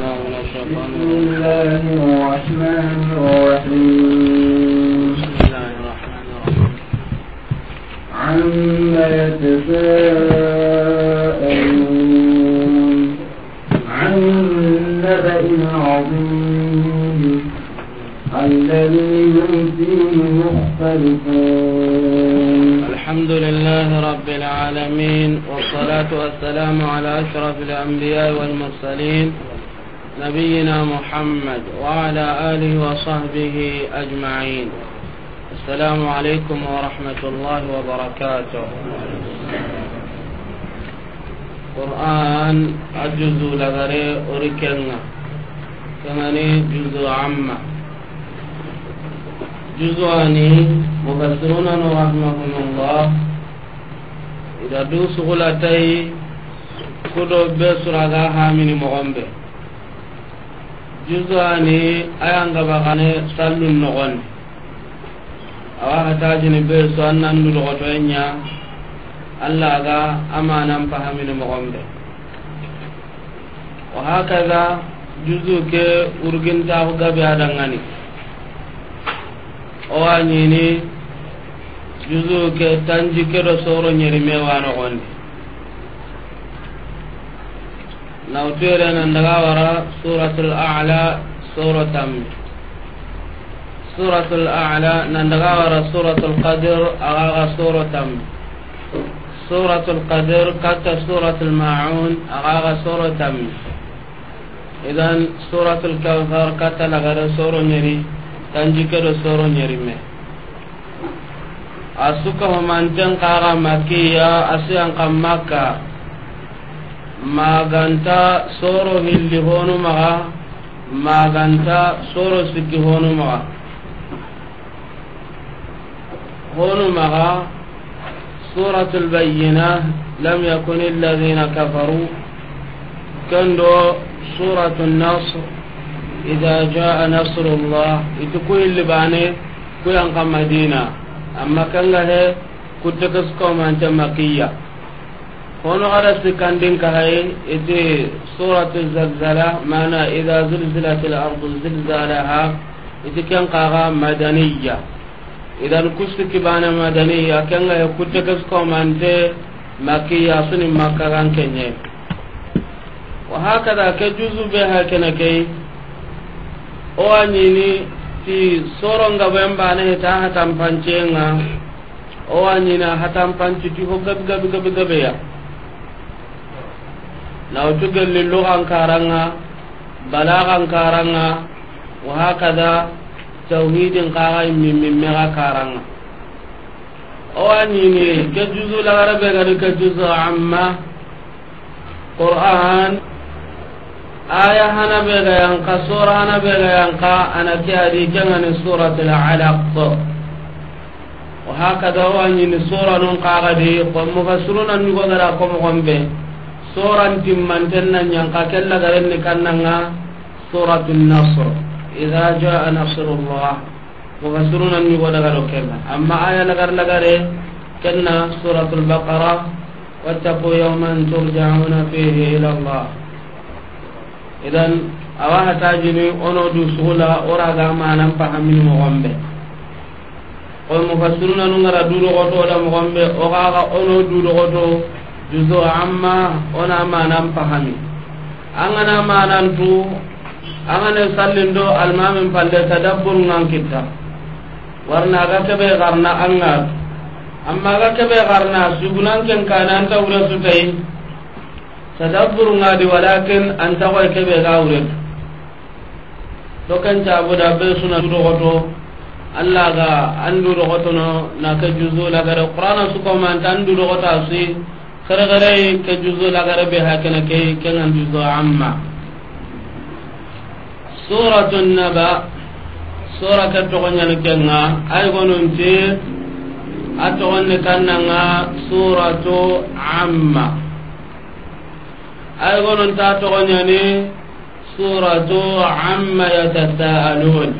بسم الله الرحمن الرحيم بسم الله الرحمن الرحيم عما يتساءلون عن النبأ العظيم الذي هم فيه مختلفون الحمد لله رب العالمين والصلاة والسلام على أشرف الأنبياء والمرسلين نبينا محمد وعلى آله وصحبه أجمعين السلام عليكم ورحمة الله وبركاته قرآن الجزء لغري أركنا كماني جزء جزء جزءاني مبسرون رحمهم الله إذا دوس غلتي كله بسرعة هامين مغمبه juzani ayangabagane sallun nogondi awa hatajini be so annandu logotoenya allah ga amanan pahamini mogombe wahakaza juzu ke urgintaku gabe adangani owañini juzu ke tanji kedo soro ñeri mewa nogondi نوتيرنا نغاورا سورة الأعلى سورة سورة الأعلى نغاورا سورة القدر أغاغا سورة سورة القدر كتا سورة الماعون أغاغا سورة إذا سورة الكوثر كتا لغدا سورة نيري تنجكر سورة نيري مي أسوكهم أنتن قاغا مكية أسيان قام مكة maganta soro hilli honu maga maganta soro sikki honu maga honu maga suratu lbayina lam yakun illadhina kafaru kendo suratu nasr ida jaa nasru llah iti ku hilli bane kuyankamadina amma kangahe kutikiskomante makiya hono hada sikandin kahaye ite suratu zalzala mana idha zulzilat al-ardu zilzalaha ite ken kaga madaniya idan kusti kibana madaniya ken ga kutte kas komante makiya suni makaran kenye wa hakada ke juzu be hakana kai o anyini ti soronga bemba ne ta hatam pancenga o anyina hatam panci ti ho gab gab gab gab ya nawtu gelli lugan karanga balagan karanga wa hakada tauhidin kaga min min mega karanga o anini ke juzu la garabe gadi ke juzu amma qur'an aya hana be ga yang ka sura hana be ga yang ka ana ke adi jangan al alaq wa hakada o ni sura nun kaga di ko mo ga suruna ni go gara ko mo gombe soran timmanten na ñanka kella garenni kannanga suratu nasr ida jaa nasrullah mufasiruna ñugo dagaro kenga amma aya lagar lagare kenna suratu lbaqara wattaqu yauman turjauna fihi ila llah idan awa hatajini ono du sugula oraga manan pahamini mogonɓe koy mufasiruna nungara duɗogotoɗa mogonɓe ogaga ono duɗogoto juzo amma ona manan pahami angana manan tu angana sallindo almamin pande tadabbur ngan kita warna ga kebe garna anga amma ga kebe garna sugunan ken kana anta ure sutai tadabbur ngadi walakin anta wa kebe ga ure to kan ta boda be suna do goto Allah ga andu do goto no na ka juzo la ga qur'ana su ko man tan du do goto asi kare kare ke juzu la kare be hakana ke kenan juzo amma suratu naba sura ka to gonya ne kenga ay gonon te ato wonne kannanga suratu amma ay gonon ta to gonya ne suratu amma yatasaalun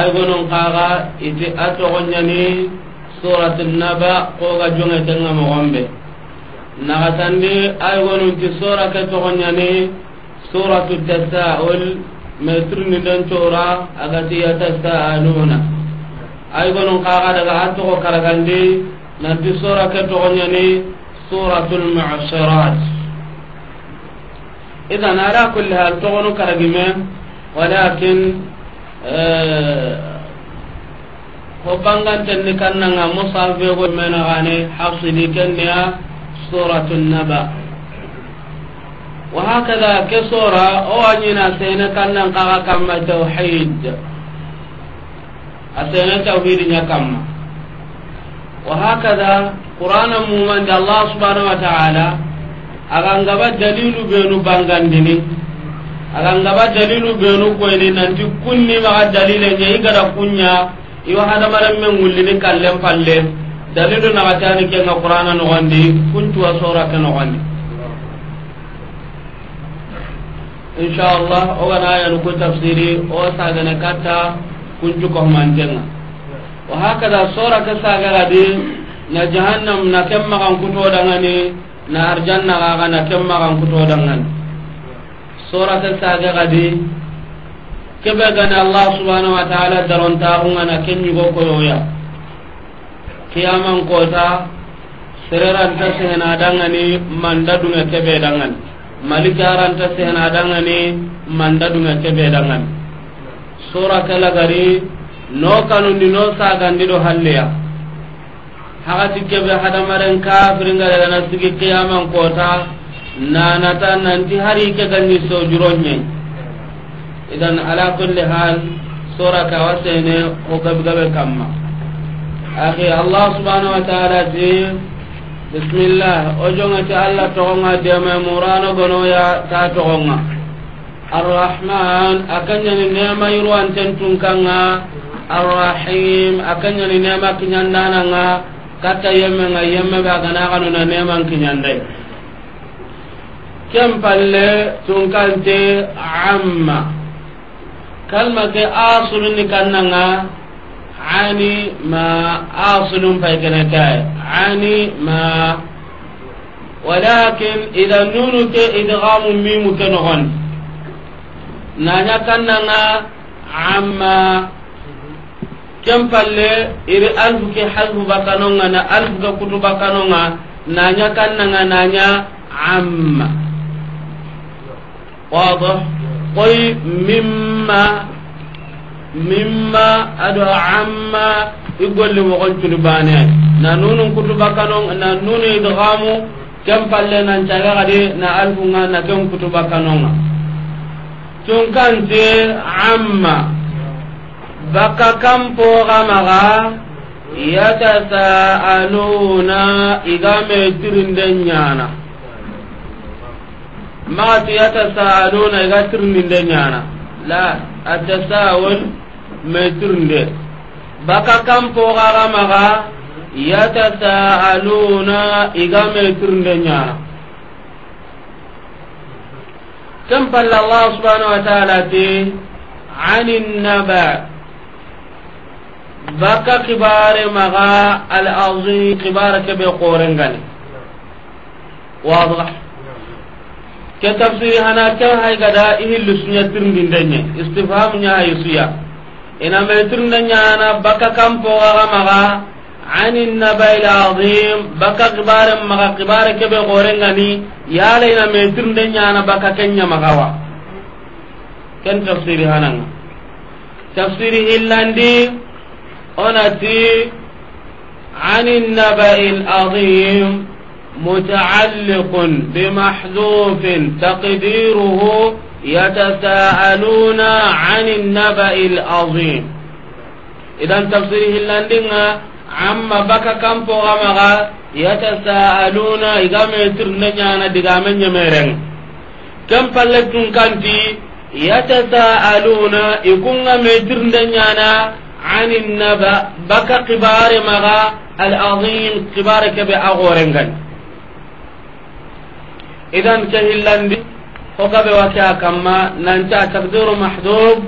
ay gonon kaga ite ato gonya ne Suuraa tuulnaba kooka junqe tanga muhombe naqatandii ayiko nukti suuraa ka tokkonyani suuraa tu testaa ol maatiruu ni dantooraa akkasii ya testaa aluuna ayiko nukaaga dhaga'an tuqoo kala kalli natti suuraa ka tokkonyani suuraa tuulma cooraas. ko kanna bangantenni kannanga mosafego menagane hafsini kenneya suratu naba wahakada ke sora owañina sene kannan kaga kamma tawhid asene tawhidiña kamma wahakada qur'ana mumande allah subhanahu wa taala agangaba dalilu benu bangandini agangaba dalilu benu koyni nanti kunni maga dalile ñe i gada kunya iyo hadamaren men wullini kallen palle dalilu nagatani kenga qur'ana nogondi kuncuwa sorake nogondi insha allah ogana yanuku tafsiri o sagane katta kuncu kohmantenga wa hakada na jahannam na ken magan kutodangani na arjanna gaga na ken magan kebe gani allah subhanahu wa ta'ala daron taxunga na ken ñigo koyoya kiyaman kota sereranta sehena dangani manda dunga kebe dangani malikaranta sehena dangani manda dunga kebe dangani sura gari no kanundi no sagandi do halleya hakati kebe hadamaren kafiringa dagana sigi kiyaman kota nanata nanti hari ke ganni sojuronñeng idan ala kulli hal sura ka wasene o gab gabe kamma akhi allah subhanahu wa ta'ala ji bismillah o jonga ta allah to nga de me murano gono ya ta to nga arrahman akanya ni nema yuru an tentun kanga arrahim akanya ni nema kinyandana nga kata yemme nga yemme ba kana kanu na nema kinyandai kem palle tunkante amma kalma ke asulun ni kannanga ani ma asulun fay kana kai ani ma walakin idan nunu ke idgham mimu ke na nohon nanya kannanga amma kem palle iri alfu ke halfu bakanonga na alfu ke kutu na bakanonga nanya kannanga nanya amma wadah koy mimma mimma ado amma igolli wogon cuni bane na nunun kutu bakano na nunu idgamu kem palle nan caga na alfunga na kem kutu bakanonga tun kante amma baka kampo gamaga yatasaaluna igame tirinde nyana magatu yatasaaluna iga tirninde ñana la atasawol mai tirnde baka kam pogaga maga yatasaaluna iga mai tirnde ñana kem palla allah subhanau wa taala te ani naba baka kibare maga al azim kibara kebe ke tafsiri hana ke hay gada ihillu sunya tirndindenye istifham nya haysuya ina me tirndenya ana baka kampo aga maga ani nabail azim baka kibare maga kibare goore Ngani yala ina me tirndenya ana baka kenya magawa ken tafsiri hananga tafsiri hillandi onati ani nabail azim متعلق بمحذوف تقديره يتساءلون عن النبأ العظيم إذا تفسيره اللندنة عما بكى كم فغمغا يتساءلون إقامة نجانا دقامن يميرن كم فلتن كنتي يتساءلون يكون متر نجانا عن النبأ بكى قبار مغا العظيم قبار كبي أغورنغن idan ke hillandi hokaɓe wake a kamma nanta takdiru mahdub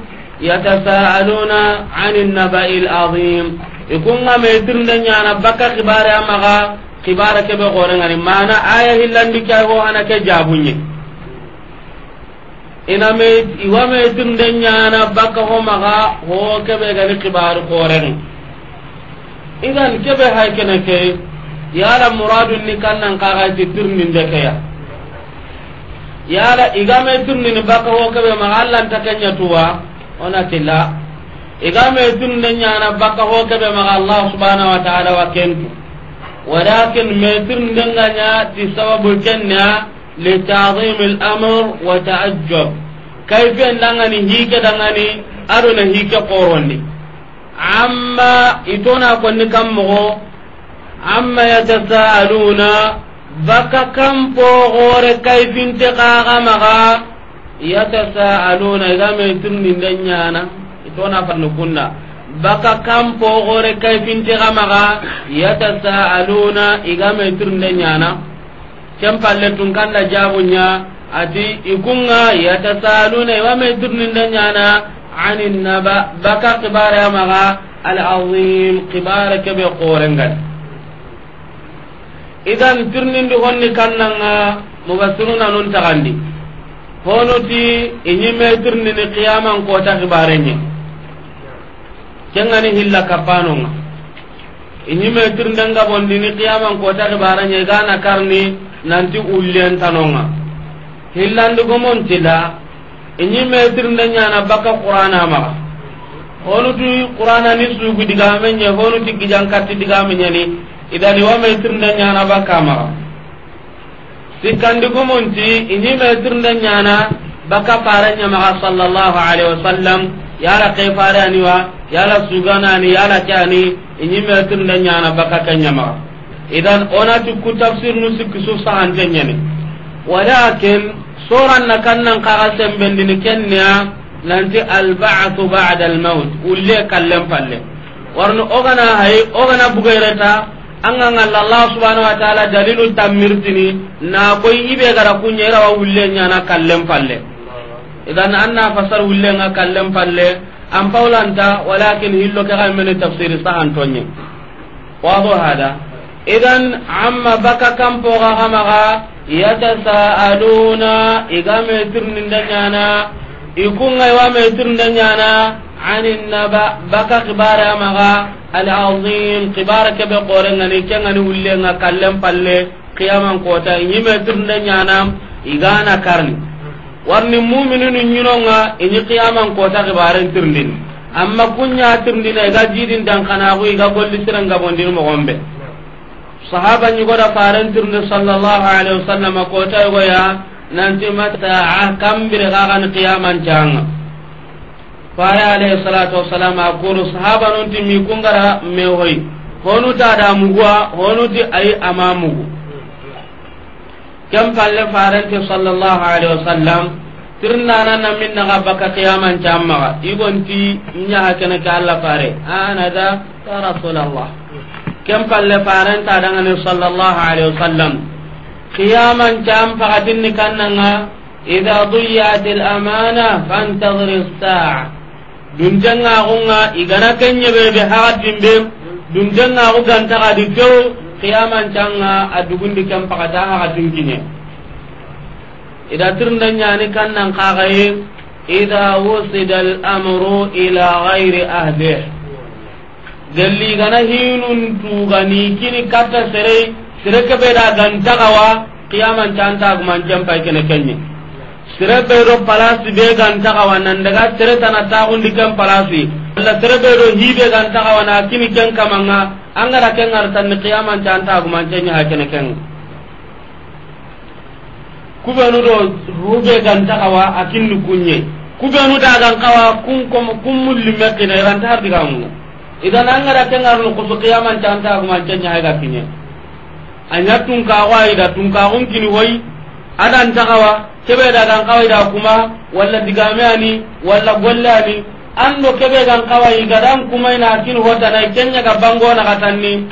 yatasaaluna ani nabai lazim ikunga metirnde ñana bakka kibare a maga kibara keɓe gorengani mana aya hillandi ke ho hana ke jabuñe ina iwa metirnde ñana bakka ho maga ho keɓe gani kibaru korengi idan keɓe hay kene ke yala muradunni kannan kaxayti tirninde keya yala igame ni baka ho kebe maga allanta kenya tuwa onati la igame tunne ñana baka ho kebe maga allah subhanahu wa taala wa kentu walakin me tundenga ña ti sababu kenna لتعظيم الأمر وتعجب كيف أن لغني هيك دغني أرنا هيك قورني عما إتونا كن كم عما يتساءلون baka kampo gore kaifinte kaga maga iga igame nyaana ñana itona farni kunna baka kampo gore kaifinte ga maga yatasaaluna igame tirnde ñana ken palle tun kanda jabuña ati ikunga yatasaaluna iwame tirninde nyaana ani naba baka kibare maga alazim kibare kebe korengani idan tirnindi honni nga kannanga mufassiruna nun tagandi honuti iñime tirnini qiyaman kota hibarenye kengani hilla kappanonga iñime tirndenga bondini qiyaman kota hibarenye gana karni nanti ullentanonga hillandigumontila iñime tirnde ñana baka qur'ana maga honuti qur'ana ni sugu digamenye honuti gijankatti ni. idan iwa metirnde ñana bakkamaxa sikkanndigumunti iñi metirnde ñana bakka fare ñamaxa sallallahu alaihi wasallam yala ke fare aniwa yala suganaani yala ke ani iñi metirnde ñana bakka ke ñamaxa idan onati ku tafsir nu sikki su sahante ñani walakin soranna kannan kaxa sembendini kenneya nanti albaathu bada almaut ulle kallen palle warni ogana hay ogana bugayreta anga ngalla Allah subhanahu wa ta'ala dalilu tamirtini na koy ibe gara kunya ira wulle nyana kallem palle idan anna fasar wulle nga kallem palle am paulanta walakin hillo ka men tafsir sahan tonye wado hada idan amma baka kampo ga hamaga yatasaaluna igame tirnin danyana ikunga wa me tirnin danyana ani naba baka xibaara ama alihamdui xibaara kebe qooda nga ni wulle nga kallen palle qiyyaman koota inni mee turnde nyaanaam i gaana kaarne waara ni muumminu ni nyinaawu nga i ni qiyyaman kootaa xibaareen amma kun nyaata turndinnoo i gaa jiidhin iga guy yi gaa bolli sirrii nga boondirii mboqoon bi saaxiiba baanyi goota faarani turndi sallallahu alaihi wa sallam akootaa goota naan si mataa kambiri raaxan qiyyaa man fara alayhi salatu wassalam a kuru sahaba nun ti mi kungara me hoy honu ta da muguwa honu ti ayi ama mugu kem palle farante sallallahu alaihi wasallam tirna nan na min naga baka qiyaman jamma igonti nya hakana ka Allah fare ana da ya rasulullah kem palle faranta daga ne sallallahu alaihi wasallam qiyaman jam faqadin kannanga idha dhiyat al amana fantazir as-sa'a dunjanga gonga igana kenye be be hadim be dunjanga go ganta ga di go qiyaman canga adugundi kam pakata ha dinginye ida tirnda nyani kannan kagaye ida wusida al-amru ila ghairi ahde galli gana hinun ni kini kata sere sere kebe da ganta gawa qiyaman canta guman jampa kene kenye be do palasi be gan tagawana daga sere tana tagundi ken palasi sere be do be gan na kini kan kamanga angara ken tan ni qiyamah tan taguman ken ha ken ken kubanu do rube gan akin akinni kunye kubenu gan kawa kun kom kun mulli mekina ran tar diga mu idan angara ken lu kusu qiyamah tan taguman ken ha ga kinye anya tun wa ida tun kagun kini hoyi adan kawa kebe da kan kawai da kuma walla digameani walla gollani ando kebe kan kawai gadan kuma ina kin hota na kenya ga bango na katanni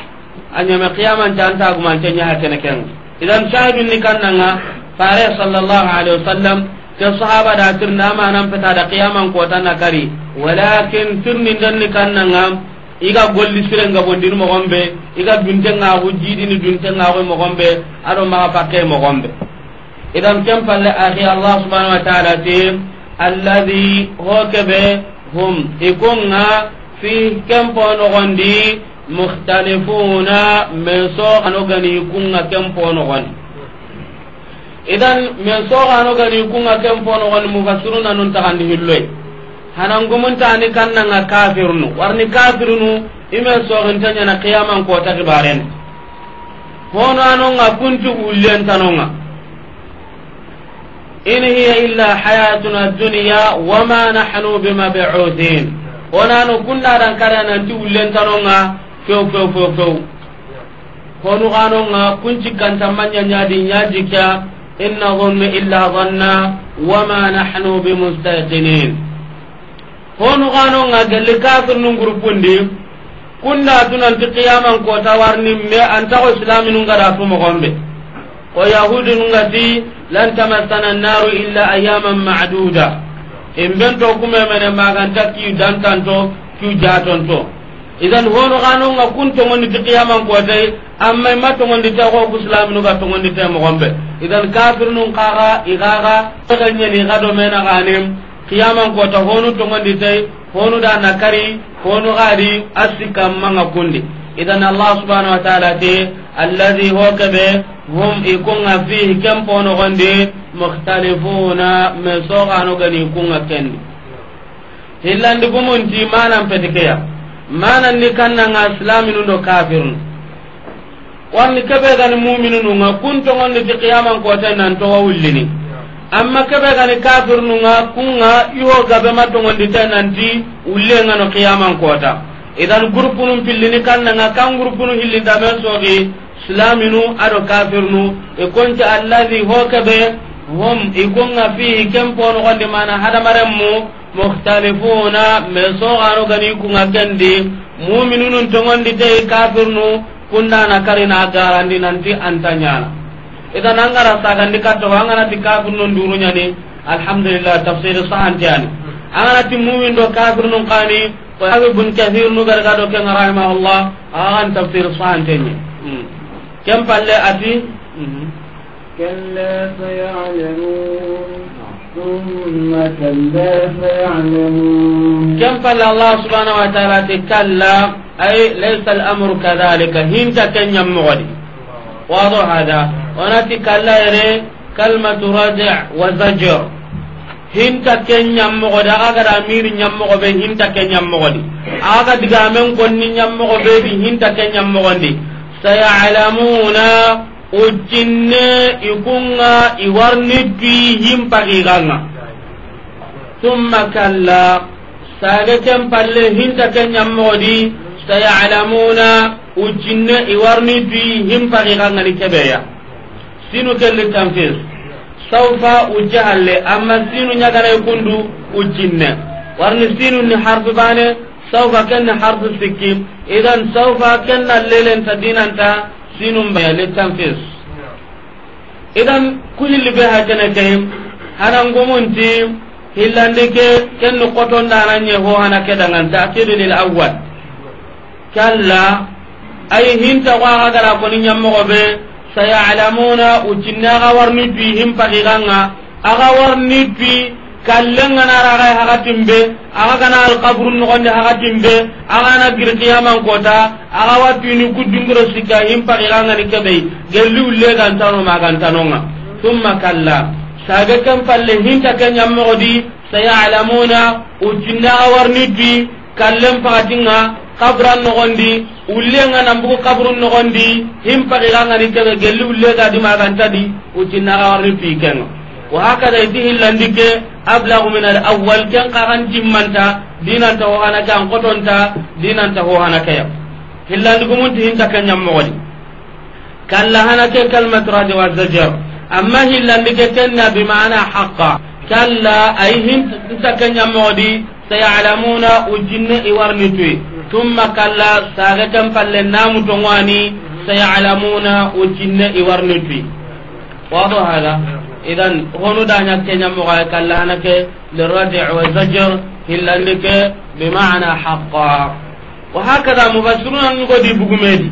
anya me qiyaman janta kuma kenya hatene ken idan shahidun ni kannanga fare sallallahu alaihi wasallam ke sahaba da tirna ma nan fita da qiyaman ko tan kari walakin tirni dan ni kannanga iga golli mo gombe iga ni mo gombe ado ma pakke mo gombe idan kem palle ahi allah subhanahu wa ta'ala te alladhi hokebe hum ikunga fi kem pono gondi mukhtalifuna men so anogani kunga kem pono gondi idan men so anogani kunga kem pono gondi mufassiruna nun tagandi hilloy hanangumuntaani kannanga kafirnu warni kafirnu ime soginta ñana qiyaman kota kibareni hono anonga kunti ullentanonga in hiya illa hayatuna dunya wama nahnu bimab'udin onano kunna dan kada nan ti ullen tanonga few few few few konu ganonga kunci kantamanya nyadi nyaji kya inna dhanna illa dhanna wama nahnu bimustaqinin konu ganonga gelle kafir nun gurupundi kunna tunan ti qiyaman ko tawarni me anta ko islamin ngara fu mo ko yahudu nungati lan tamassana naru illa ayaman ma'duda in ben to kuma mene maganta ki ki idan hono gano nga kun to ngondi qiyamam ko dai amma ma to ta ko islam nu ga to ta mo gombe idan kafir nun igaga mena qiyamam ko hono to hono da nakari hono gadi asikam manga kundi idan allah subhanahu wa ta'ala ti alladhi hokabe hum ikunga fihi kem pono gondi mukhtalifuna me sogano gani ikunga kendi hillandi gumunti manan petikeya manan ni kannanga islaminu do kafirun warni kebe gani mu'minunu nga kunto gondi ti qiyaman kota nan to wullini amma kebe gani kafirnu nga kunga iho gabe matongondi tananti ulle nga no qiyaman koota idan gurpunun pillini kannanga kan gurpunu hillindame sogi silaminu ado kafirnu ikonti e allahi hokebe hom ikonga e fihi ken ponogondi mana hadamarenmu mukhtalifuna me sogano gani kunga kendi muminunun togondi tei kafirnu kundana karina garandi nanti antanyana idan angara sagandi kattogo anganati kafirnu ndurunyani alhamdulillah tafsir sahantiyani anganati mumin do kafirnu kani ko ابن كثير kathir nu كان رحمه الله rahimahullah تفسير tafsir sahan كم kem أتي كلا سيعلمون ثم كلا سيعلمون كم قال الله سبحانه وتعالى كلا أي ليس الأمر كذلك هنت كن يمغلي واضح هذا ونأتي كلا يعني كلمة رجع وزجر hinta ke ñammoxode aga gada miri ñammoxoɓe hinta ke ñammoxondi aga digamen konni ñammoxoɓeɗi hinta ke ñammoxondi sayalamuna ujinne ikunga iwarni tui himpakiganga summa kalla sage ken palle hinta ke ñammoxodi sayalamuna ujinne iwarni tui himpakiganga ni keɓeya sinu kelli sawfa ujjahalle amma sinu ñaganayi kundu ujjinne warni sinu ni harfi bane saufa kenni harfi sikki idan sawfa kenna ta dinanta sinum baya litanfis idan ku hilli be hakene ke hanangumunti hillandi ke kenni kotondananye ho hana ke danganta akidu lil awwal kalla ay hinta ko aga gara koni ñammogo be sayalamuna ucinne aga warni hin himpakiganga aga warni dwi kallenganaaraga hakatimbe aga gana alkaburu nogondi hakatimbe agana gir kiyamankota aga watini kuddingiro sikka himpakigangani kebei gelli ulle gantanoma gantanonga summa kalla sage ken palle hinta kenyamogodi sayalamuna ucinne aga warni dwi kallen pagatinga kabran nogondi ullenga nambugu kabrun nogondi himpakigangani kebe gelli ullegadi magantadi utinnagawarni pikenga wahakada iti hillandike ablagu min al awal ken kagan timmanta dinanta hohanake an kotonta dinanta hohanakeya hillandigumunti hinta kenyammogondi kalla hanake kalmatradi wazajar amma hillandike kenna maanaa haqa kalla ay hinta kenyammogondi sayalamuna ujinne tuye. tumma kalla saga ken palle namu tongwani sayalamuna ujinna iwarnitui wado hada idan honu danya kenya moga kalla hanake liradi wa zajr hillandike bima'na haqqa wa hakada mufassiruna ngodi bugumedi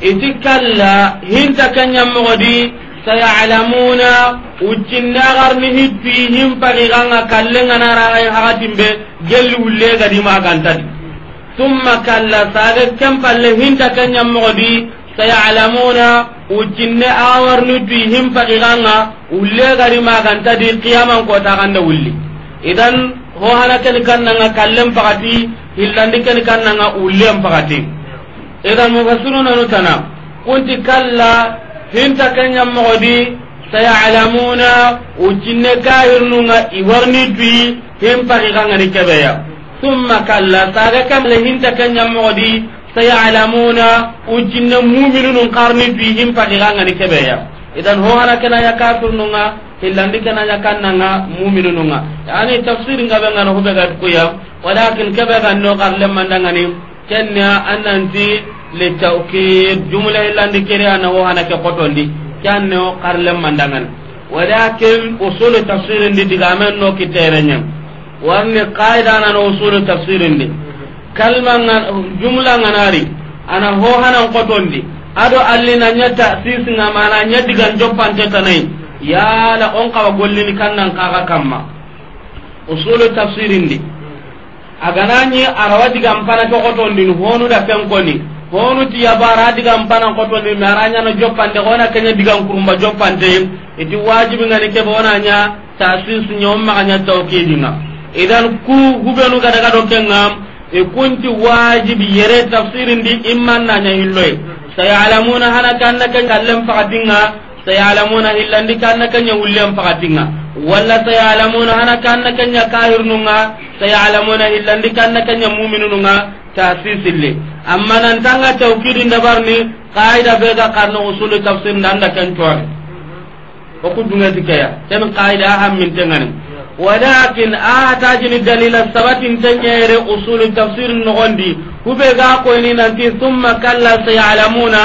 iti kalla hinta kenya mogodi sayalamuna ujinna garni hitui himpagi ganga kallenga naraga hagatimbe gelli wulle gadi magantadi thumma kalla saga kem palle hinta kenyam mogodi sayalamuna ujinne awarnu dui himpaki ganga ulle gari maganta di qiyaman kota ganda wulli idan ho hana ken kannanga kallen pakati hillandi ken kannanga ullen pakati idan mufassiruna nutana kunti kalla hinta kenyam mogodi sayalamuna ujinne kahirnunga iwarni dui himpaki ganga ni kebeya summa kalla saga kamle hinta kanyammoxodi sayalamuna u jinna muminunun na duihim pakigangani keɓeya idan ho hana kenaya kafirnunga hillandi kenaya kannanga muminununga yani tafsir ngaɓengano huɓegatkuya walakin keɓe ganno karlemmandangani kenna annanti litaukid jumla hillandi kere ana ho hana ke kotondi kanno karlemmandangani walakin usulu tafsirindi digamenno kittereñang warni qaida na usul tafsir ndi kalma jumla nganari ana ho hanan qotondi ado alli na nya ta'sis nga mana nya digan joppan te nai ya la on kawa gollini kannan kaga kamma usul tafsir ndi aganani arawa digan pana to qotondi honu da fen koni honu ti yabara digan pana qotondi maranya no joppan de ona kenya digan kurumba joppan de iti wajibi ngani ke bonanya ta'sis nyom maganya tawkidinga idan ku gubenu ga daga do kenga e kunti wajibi yere tafsirin di imman na nya hilloy sayalamuna hana kanna kan kallam faqadinga sayalamuna hillandi kanna kan nya ullem faqadinga walla sayalamuna hana kanna kan nya kahirnunga sayalamuna hillandi kanna kan nya mu'minununga tasisille amma nan tanga tawkidin dabarni qaida be ga karno usul tafsir nan da kan tuwa ko ku dunga dikaya tan qaida ham min tengani walakin a ta tajini dalila sabatin tanyere usul tafsir nogondi kube ga koyni nanti thumma kalla sayalamuna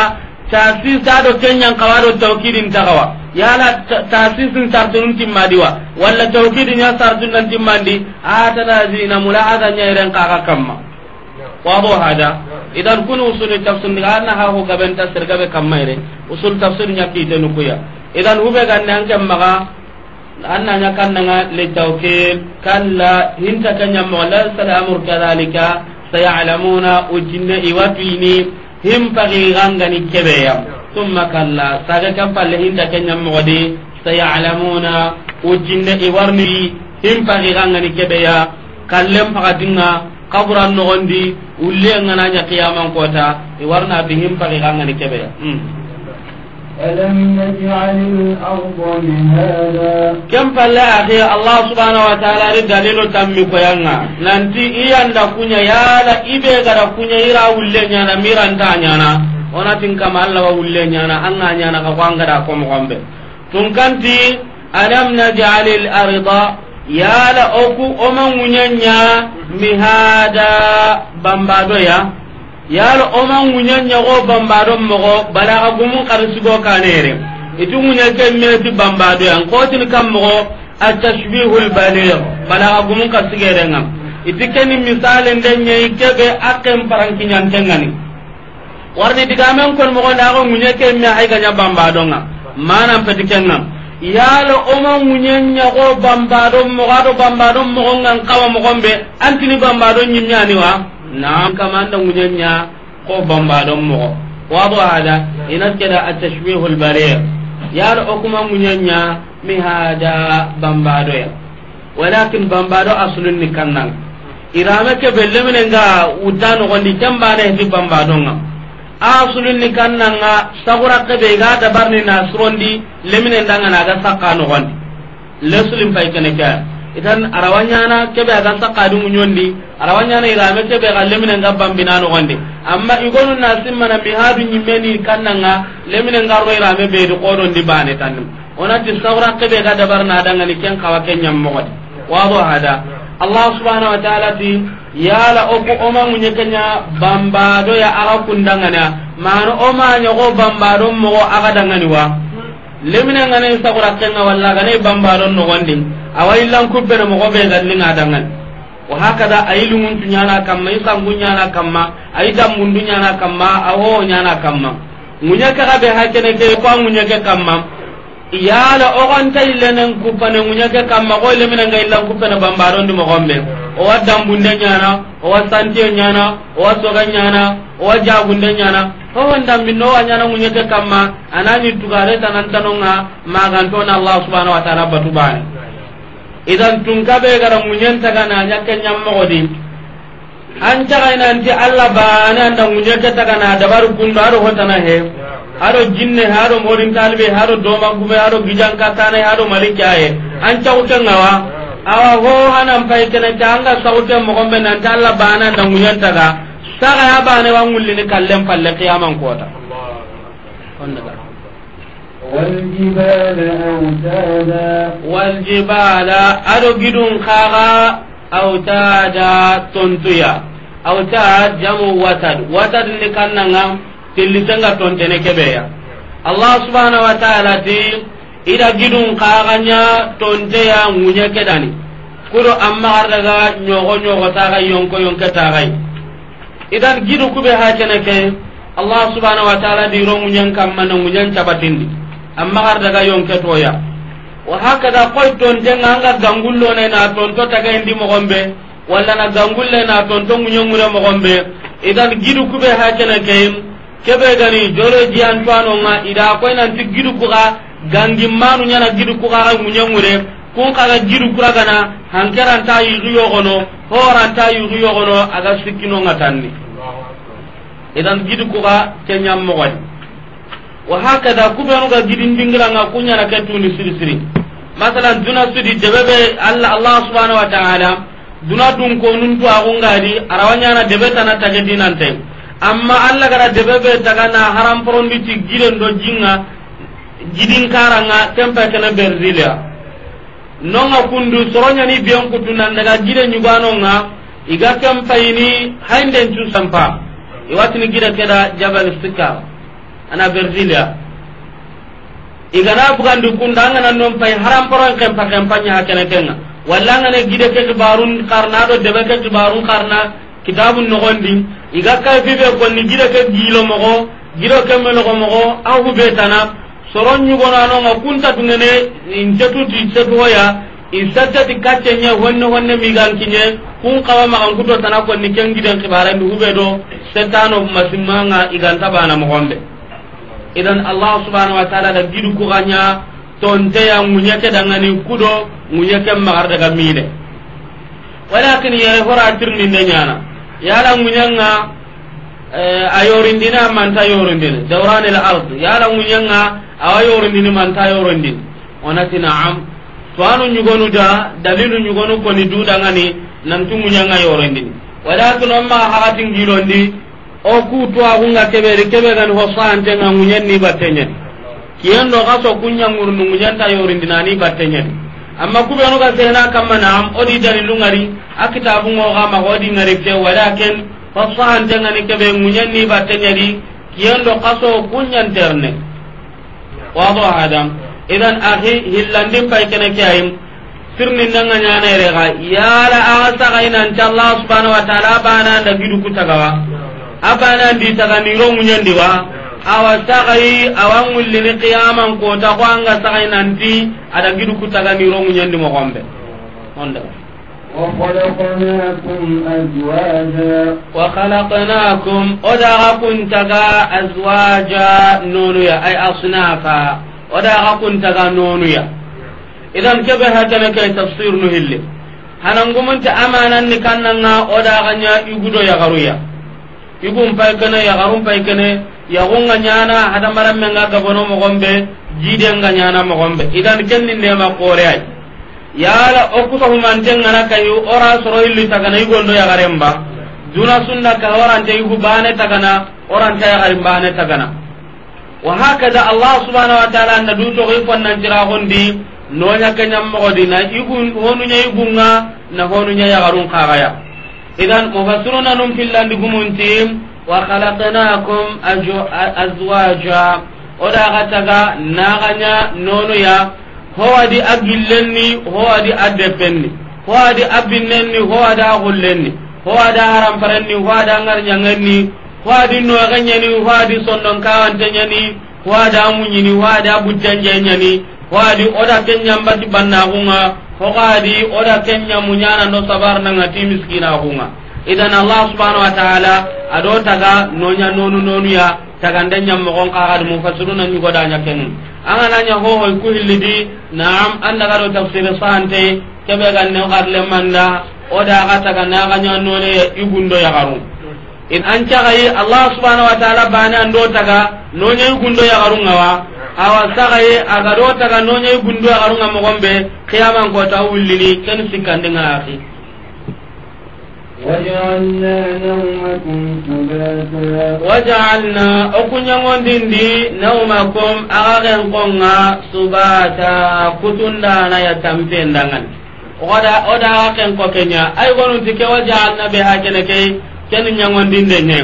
tasis dado kenyan kawado tawkidin tagawa yala tasisin sartunun timmadiwa walla tawkidin ya sartunan timmandi a tanaji na mulahaza nyairen kaka kamma wado hada idan kun usul tafsirin diga anna ha ho gaben tasir gabe kamma ire usul tafsir nyaki tenukuya idan hube ganne an kemma anna nya kannanga li tawkil kalla hinta kanya mawla salamur kadhalika sayalamuna ujinna iwatini him pagi gangani kebeya thumma kalla saga kam palle hinta kanya mawdi sayalamuna ujinna iwarni him pagi gangani kebeya kallem pagadinga kaburan nogondi ulle ngana nya qiyaman kota iwarna bi him pagi gangani kebeya mm. ألم نجعل الأرض مهادا كم فلا أخي الله سبحانه وتعالى دليل تمي كويانا ننتي إيان دا كونيا يالا إبه غدا كونيا إيرا ولنيانا ميران تانيانا onatin kama allah wa wulle nyana an ga nyana ka da komo tun kanti alam naj'al al arda yala oku o ya yalo oma ŋuña ñago bambado mogo balaga gumun karisigo kanere iti ŋuña ke meti bambado yan kotini kam mogo atashbihu lbalir balaga gumun karisigerenga iti keni misali nde ñayi kebe aken parankiñantengani warni digamen kon mogo ndaga ŋuña ke me aygaña bambadonga manan peti kenga yalo oma ŋuña ñago bambado mogo ado bambado mogo ngan kawa mogonɓe antini bambado ñimñaniwa na'am kama anda munyanya ko bamba don mo wado hada ina keda at-tashbih al-bari' yar o kuma munyanya mi hada bamba do ya walakin bamba do aslun ni kannan irame ke belle minen ga udano gondi tambare di bamba do nga aslun ni kannan ga sagura ke be ga dabarni nasrondi leminen danga na ga sakka no gondi leslim fay keneka itan arawanyana kebe aga sakadu munyondi arawanyana irame kebe aga lemine nga bambina no gonde amma igonu na simma na bihadu nyimeni kannanga lemine nga ro irame be do kodo ndi bane tan ona ti sawra kebe aga dabar na danga ni ken kawa ken nyam mogodi wado hada allah subhanahu wa ta'ala ti yala oku oma munye kenya bambado ya aga kundangana mano oma nyogo bambado mogo aga dangani wa lemine nga ne sawra kenga wala ga ne bambado no awa illan kubbene mogo be gallinga dangan wa ayi ayilu muntu nyana kamma isangu nyana kamma ayida mundu nyana kamma awo nyana kamma munya ka be hakene ke ko munya ke kamma yala ogon ta illenen kupane munya ke kamma ko le minanga illan kupane bambaro ndi mogo be o wa bunde nyana o wa santie nyana o wa soga nyana o wa jagunde nyana howon dambinno wa nyana munya ke kamma anani tugare tanantanonga na allah subhanahu wa ta'ala batubani idan tun kabe gara munyen taga na nya kenya mogodi an taga ina anti alla nan nda munyen ke taga na dabar gundo aro na he haro jinne haro morin talbe haro doma kuma haro gijan ne haro malikaye an chawta ngawa awa ho hanan pay kene tanga sawte mogombe nan talla bana nda munyen ga saga ya ne wa mun ni kallen falle kiyaman kota on daga والجبال أوتادا والجبال أرجد خاغا أوتادا تنتيا أوتاد جمع وتد وتد لكننا تلتنغا تنتني كبيا الله سبحانه وتعالى تي ida gidun kaganya tonteya ngunya kedani kuro amma ardaga nyogo nyogo taga yonko yonke tagai idan gidu kube hajene ke allah subhanahu wa ta'ala di ro ngunyan kamma no ngunyan cabatindi amma har daga yonke toya wa haka da koi ton tontenga anga gangullone na ton to tonto tagaindi mogonɓe walla na gangulle na tonto ŋuñongure mogonɓe idan gidu kuɓe ha kene keyin keɓe gani jore jiyantoanonga ida koy nanti gidu kuxa gangimmanu ñana gidu kuxaxa ŋuñongure kun kaga gidu kuragana hankeranta yuxu yogono horanta yuxu yogono aga sikkinonga tanni idan gidu kuxa keñammoxoy wa hakada kubenu ga gidin dingira nga kunya na ketu ni siri siri masalan duna sudi debebe alla allah subhanahu wa ta'ala duna dun ko nun to agunga di arawanya na debe tana tage dinante amma alla gara debebe daga na haram di ti gidin do jinga gidin karanga tempa kana berzilia nonga kundu soronya ni biyon kutuna daga gilen nyugano nga iga kempa ini hainden tu sampa iwatini gida keda jabal istikara ana vergilia igana bugandi kunda angana non pay haram paron kempa kempanya hakene kenga walla ngana gide ke kibarun karna do debe ke kibarun karna kitabun nogondi iga kay bibe konni gide ke gilo mogo ke mogo betana soron kunta jetu kacce nya wonno wonne mi kinye kun ma kan kuto kengi den kibaran du masimanga iganta bana idan allah subhanahu wa ta'ala da gidu kuganya tonte ya munyake dangani kudo munyake magar daga mine walakin yere hora tirni ne nyana yala munyanga eh, a yorindina manta yorindini dawran al ard yala munyanga awa yorindini manta yorindini onati na'am to anu nyugonu da dalilu nyugonu ngani nan nantu munyanga yorindini walakin amma hakatin gilondi o ku to agunga keɓeri keɓe gani ho sahantenga ŋuñenni batteñeni kiyen do ga so kunya ngurnu mujanta yorindinani battenye amma kubenu ga sena kamma naam odi dalilu ngari akitabu ngo ga ma odi ngari ke walakin fasahan ni kebe munyanni battenye di kiyen do ga so kunya terne wado adam idan akhi hillandi pay kene kayim sirni nanga nyana re ga yara asa ga ina Allah subhanahu wa ta'ala bana da gidu kutagawa akana ndi tagani ronguñandi wa awa sagayi awa ngullini qiyaman kota ko anga sagayi nanti ada gidu ku tagani ronguñandi mogonɓe onda وخلقناكم أزواجا وخلقناكم أدغ كنت أزواجا نونيا أي أصنافا أدغ كنت نونيا إذا كبه هذا كي تفسير نهل هننقوم أنت أمانا نكنا أدغنيا يقودو يغرويا igum pay kene yagarum pay kene yagunga nyana hada maramme nga gabono mogombe jide nga nyana mogombe idan kenni nema kore ay yala okuto humante ngana kayu ora soro illi tagana igondo yagaremba duna sunna ka orante igu bane tagana orante yagarim bane tagana wa hakada allah subhanahu wa ta'ala na du to ko nan jira gondi nonya kenya mogodi na igun honunya igunga na ya yagarun kagaya idan mufassiruna num fillandi gumunti wa khalaqnakum azwaja oda gataga naganya nono ya howadi agillenni agullenni haramparenni oda fogadi oda kenya munyana no sabar na ngati miskina kunga idan allah subhanahu wa ta'ala ado taga nonya nonu nonu ya taga ndanya mogon kaga mu fasiruna ni goda nya kenu anga nanya ho ho ku hillidi na'am anda garo tafsir sante kebe ganne garle manda oda ga taga na ga nya none igundo ya garu in an cagayi allah subhanahu wa taala bane an do taga noñayi gundo yagarungawa awa sagaye aga do taga noñayi gundo yagarunga mogonɓe kiyamankota wullini ken sikkandenga axi wajalna okuñagondindi naumakum aga ken konga subata kutundana ya tampendangan oda aga ken ko kenya ay gonunti ke wajalna ɓe ha kene key ken ñagondinde ñe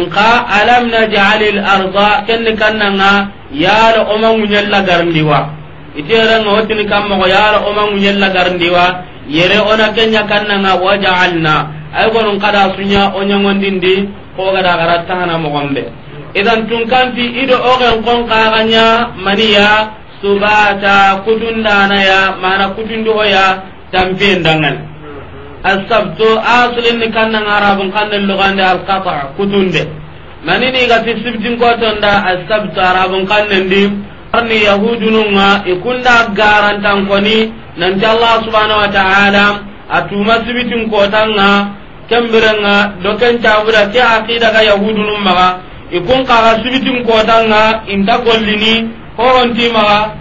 nka alam najal larda kenni kannanga yala oma ŋuñella garndiwa iterenga hotini kammogo yala oma ŋuñella garndiwa yere ona kenya kannanga wajalna ay gonun kada suña o kogada gara tahana mogonɓe idan tun kanti ido ogen kon kaganya maniya subata kutundanaya mana kutundi oya tampen dangani السبت أصل إن كان عرب كان اللغة القطع كتند manini gati sibtin kotonda asabtu arabun kannendi arni yahudununga ikunda garantankoni nanti allah subhanahu wa ta'ala atuma sibitin kotanga kembirenga dokencabuda ke aqida ga ikun sibitin gollini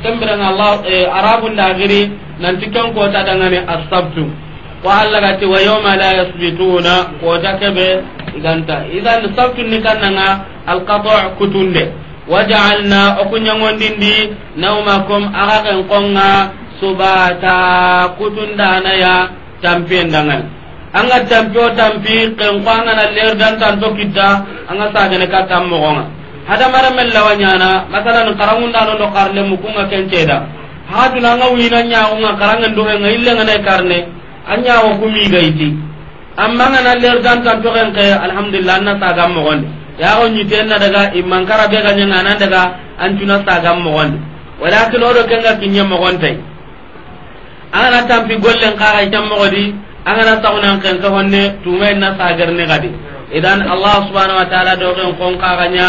kembirenga allah arabun dagiri nanti ken kota asabtu ko Allah gati wa yawma la yasbituna ko jakabe iganta idan sabtu ni kannanga al qata' kutunde waja'alna okunyangondindi naumakum agaken konga subata kutundana ya tampendangan anga tampio tampi kenkwanga na ler dan tanto kita anga sagene katam mogonga hada maramel lawanyana masalan karangunda no karle mukunga kenceda hadu na ngawina nyaunga karangan dohe ngaille ngane karne anya wa kumi gaiti amma ngana ler dan tan to kan kay alhamdulillah ta sagam mo gonde ya go nyiten na daga imman kara be ga nyanga nan daga antuna sagam mo gonde walakin odo ga kinya mo gonde angana tampi gollen kara tan mo godi angana tawnan ken ka honne men na sagar ne gadi idan allah subhanahu wa ta'ala do gon kon ga nya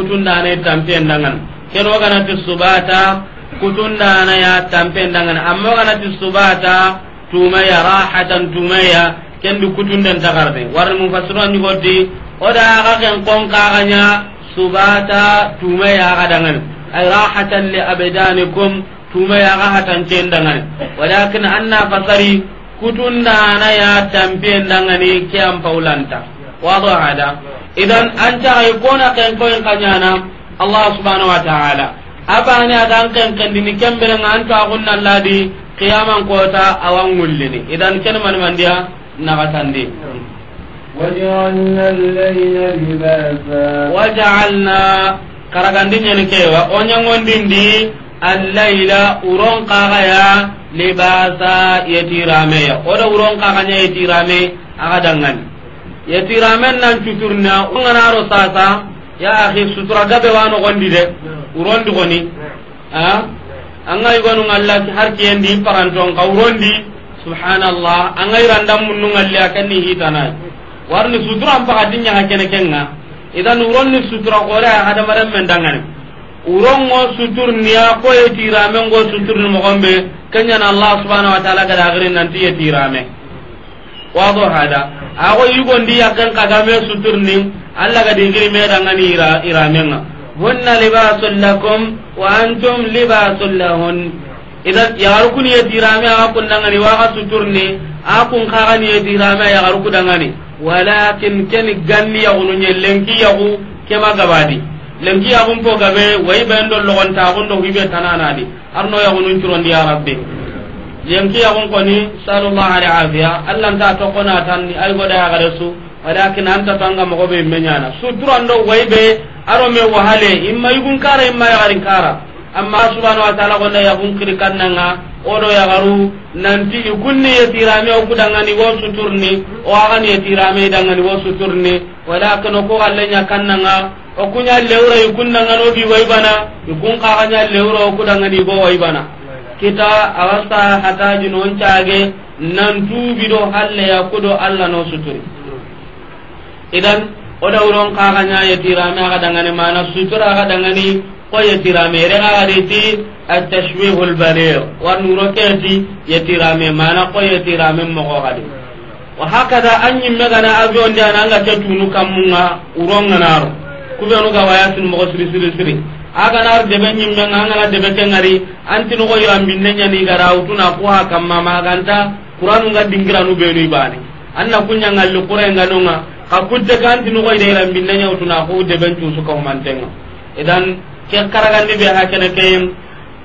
da ne tampi endangan kero ganati subata da na ya tampi endangan amma ganati subata tumaya rahatan tumaya kendi kutunden tagarde warni mufassiru an yugodi oda aga ken kon kaganya subata tumaya kadangan ay rahatan li abdanikum tumaya rahatan hatan cendangan walakin anna fasari kutunda na ya tampen dangani kiam paulanta wado ada idan an ta ay kona ken kon kanyana allah subhanahu wa ta'ala abani adan ken kendini kembere ngan ta agunna ladi qiyaman kota awan ngullini idan ken man mandiya nagatandi وجعلنا karagandi ñeni kewa o ñangondindi allayla uron kaxaya libasa yetirameya oda uron kaxaña yetirame axa dangani yetiramen nan cuturna unganaro sasa ya axi sutura gabe wa noxondi de urondi xoni a anga igonu ngalla har kiyendi paranton kawrondi subhanallah anga randam munnu ngalli akanni hitana warni sutura am pakati nya hakene kenga idan uronni sutura gore hada maram mendangani urongo sutur niya ko tirame ngo sutur ni mogombe kenya na allah subhanahu wa taala gada agrin nanti tirame wado hada ago yugo ndi yakkan kagame sutur ni allah gadi ngiri medangani ira ira ira hunna libasun lakum wa antum libasun lahun wai ben do logonta gun allah ta walakin anta tanga mo be menyana sudran do waybe aro me wahale imma yugun kara imma yagarin kara amma subhanahu wa ta'ala gonna yagun kiri kannanga odo yagaru nanti ikunni yetirame o kudangani wo suturni o agani yetirame dangani wo suturni walakin ko gallenya kannanga o kunya lewra ikunnanga no bi waybana ikun kaganya lewra o kudangani go waybana kita awasta hataji non caage nan tuubi do halle yakudo allah no suturi idan o dawron kaganya yetirame aga dangani mana sutura aga dangani ko yetirame ere agariti atashwihu lbalir warnuro keti yetirame mana ko yetirame mogo gadi wa hakada an yimme gana avion de ananga ke tunu kammunga uronganaro kubenu ga wayatun mogo siri siri siri aganar debe ñimme nga ngana debe ke ngari antini ko yirambinne ñani gara wutuna ku ha kamma maaganta qur'anu nga dingiranu benu ibani anna kunya ngalli ka kudde ganti no goyde ran minna nyaw tuna ko de ben tu su ko mantenga idan ke karagandi be ha kana kayem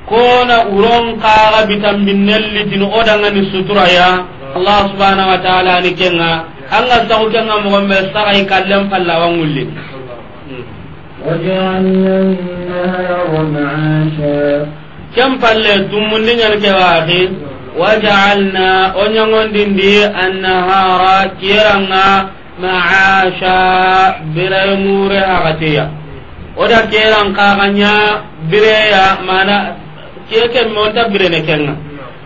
ko na uron qara bitam minnelli tin odanga ni sutura ya allah subhanahu wa ta'ala ni kenga anga sagu kenga mo gombe sagai kallem pallawa ngulli وجعلنا النهار معاشا كم فلت من الكواكب وجعلنا أنيون دندي النهار كيرنا maasha bire mure hagatiya oda keran kaganya bire mana keke monta bire kenga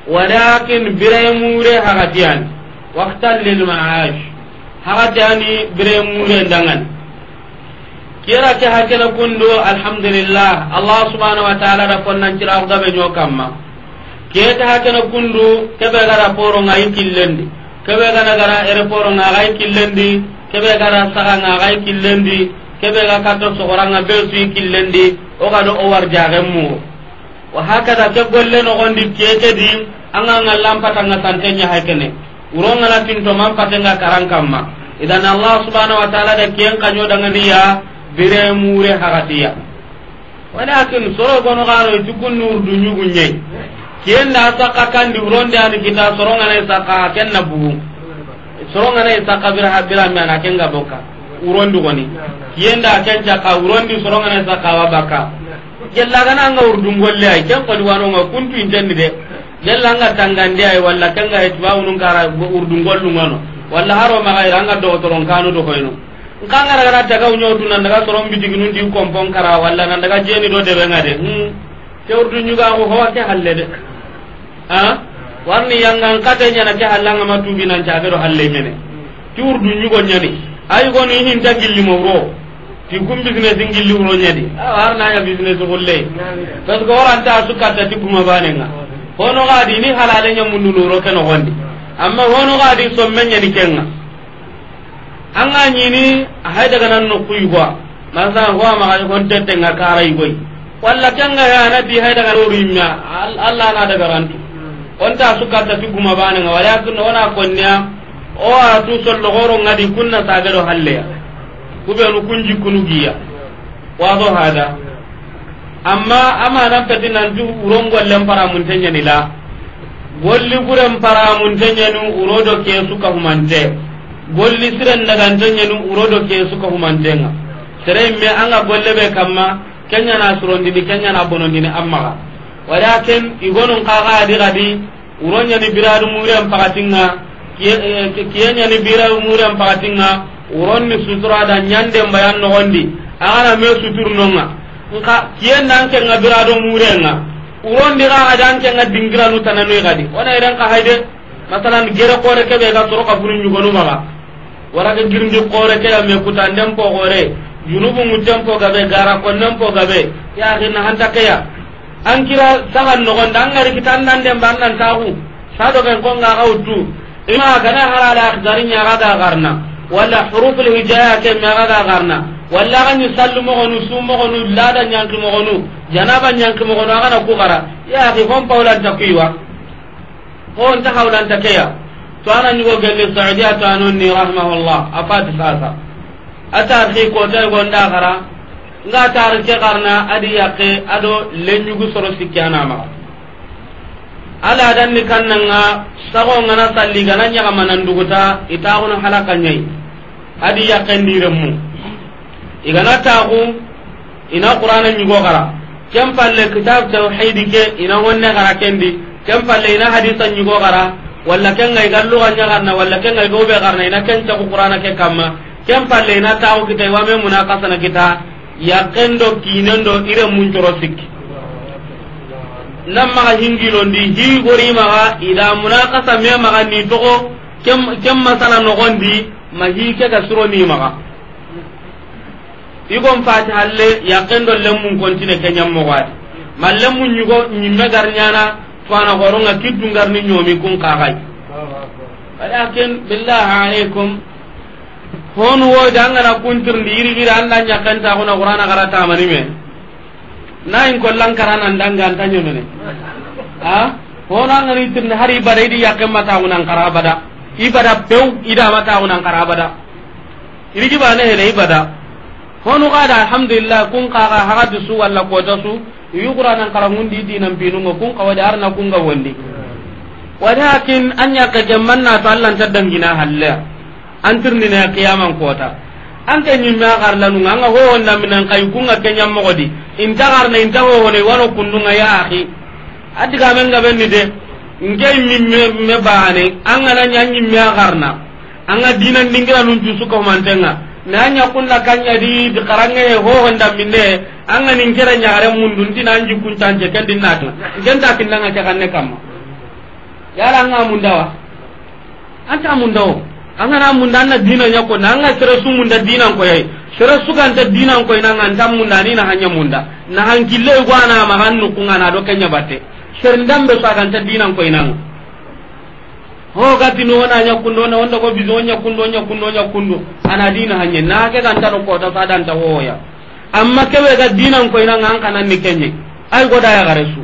walakin waqtan lil maash kira ke kundo alhamdulillah allah subhanahu wa ta'ala da konnan kira gabe nyokamma kundu kebe gara poro ngayi killendi kebe gana gara airport nga gai killendi kebe gara saka nga gai killendi kebe ga kato sogora nga be su killendi o ga do o war jage mu wa ke golle no gondi keke di anga nga lampata nga santenya hakene uronga na tinto man patenga kamma idan allah subhanahu wa ta'ala da kiyan kanyo dangania bire mure hakatiya walakin soro gono garo tukunnu urdu nyugunye ken na saka kan di uronde ari kita soronga na saka ken na bugu soronga na saka bir habira mi ana ken gaboka urondu goni ken da ken saka urondi soronga na saka wa baka jella kana nga urdun golle ay ken ko diwano nga kuntu intendi de jella nga tangande ay walla ken ga etwa unun kara urdun gollu ngono walla haro ma ga iranga do toron kanu do koyno nkanga ra ra daga unyo tunan daga soron bidiginu di kompon kara walla nan daga jeni do de benga de hmm. kewrdu ñugaku hooke halle de a warni yangan kate ñana ke hallangama tubinancagero halle mene ti wurdu ñugo ñani ayigoni hinta gillimo wuro ti kum business ngilli wuro ñadi awarnaña business xulley parce que woranta sukkatta ti guma banenga hono gaadi ni halale ñamundunu wuro ke nogondi amma hono gaadi somme ñani kenga anga ñini hay daganan nokku yugoa masala howa maxa kon tettenga kara yugoy walla ya yana bi hay daga ro allah na daga rantu hmm. ta suka ta tuguma bana nga walakin ona konnya o atu sollo goro ngadi kunna sagado halleya kube no kunji wa do hada amma ama nan din nan du uron gollem para mun tenya nila golli guren para mun tenya nu urodo ke suka humante golli siren daga tenya nu urodo ke suka nga sere me anga golle be kamma kenya na surondini kenya na bonondini amma walakin igonun kaga adi gadi uronya ni biradu muren pakatinga kiyenya eh, ni biradu muren pakatinga uron ni sutura da nyande mbayan nogondi agana me sutur nonga nka kiyenna nanke nga biradu nga uron di kaga da anke nga dingiranu tananu gadi wana iren ka haide masalan gere kore kebe ga soro ka furu nyugonu maga waraka girndi kore kebe me kuta ndem po junubu ngutten po gabe gara konnen po gabe ya na hanta kaya an kira sagan nogon da an ngari kita an nan demba an nan tagu sado ken ko nga gautu ima kana harala akhdari nya gada garna wala huruf al hijaya ke nya gada garna walla kan yusallu mo gonu sum mo gonu lada nyanki mo gonu janaba nyanki mo gonu agana ku gara ya akhi hon paulan takiwa hon ta hawlan takiya to anan yugo gelle saudiya to anon ni rahmahullah afat sasa a tarhi kotay gonda gara nga tar ke adi yaqe ado lenyugu soro sikkana ma ala dan ni kannanga sago ngana salli gana nyaga manan duguta itaguno halaka nyai adi yaqe mu igana tagu ina qur'ana nyugo gara kem palle kitab tauhid ke ina wonne gara kendi kem palle ina hadisa nyugo gara walla kenga igallu ganya garna walla kenga gobe garna ina kenca qur'ana ke kamma ken palle ina taxu kita iwame munakasana kita yaqen do kinen do ire muncoro sikki nan maga hingilondi higorimaga ida munakasa me maga ni kem ken masala nogondi ma hike ga sironimaga igon fati halle yaqen do lemmun kontine keñammogoadi ma lemmun ñigo ñimme garñana fana horonga kiddungarni ñoomi kun kaxay walakin billah alaikum hon wo dangana an yirigira kan ñakkenta kuna qur'ana gara mani me Na ko kollan karanan danga anta ñonone a hono angani itirni hari bada idi yakkenma tagunan kara bada i bada pew idama tagunan karabada bada ji bane hele ibada bada honu da alhamdulillah kun ka kaga haga su walla kota su iyu di dinan binu pinungo kun wada arna kun ga wondi walakin an jamanna ta allanta tadangina halla antirni na qiyaman kota an ke nyimme agarlanu nga ho wonda minan kay kunga kenya mogodi inta garna inta ho woni wano kundunga ya akhi adiga men ga benni de nge nyimme me baane an ga nanya nyimme na an ga dinan dingira nun ju suka mantenga na nya kunna kanya di di karange ho wonda minne an ga ningira nyaare mundun dinan ji kuntan je kan dinna ngenta kinna nga ta kanne kamma yala nga mundawa anta mundawa angana munda anna dina nya ko nanga sere su mun munda dina ko yai sere su kan ta dina ko ina ngan tam munda ni na hanya da na han kille ko ana ma han nu ko ngana do kenya batte sere ndam be sa kan ta dina ko ina ho gati no na nya kundo na onda ko bizo nya kundo nya kundo nya kundo ana dina hanya na ke kan ta no ko ta sa dan ta hoya amma kebe ga dina ko ina ngan kana ni kenye ay go da ya gare su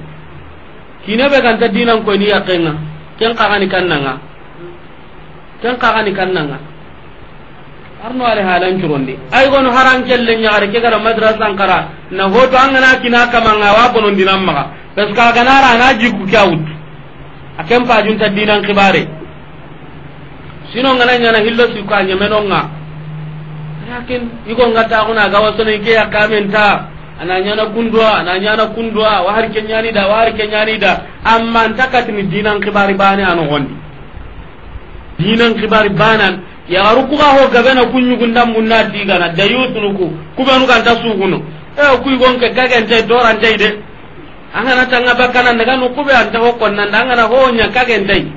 kine be kan ta dina ko ni yakenga ken ka ni kannanga ken kagani kannanga arno halan curondi ay gono haran kelle nyaare ke gara madrasa ankara na hoto angana kina ka parce que agana ra na jiku kyawut akem pa junta dinan kibare sino ngana nyana hillo su ka lakin ngata kuna ga wasono ya kamenta ana nyana kundwa ana nyana kundwa wa kenyani da wa kenyani da amma dinan kibari bani anu gondi dinan kibari banan ya yagaru ga ho na kunyu gunda munna diga na dayu digana dayutunuku kubenu kanta sugunu e eh, kuy gonke doran dai de na tanga bakana daga nu kube hokon nan konna na ho nya kage ndai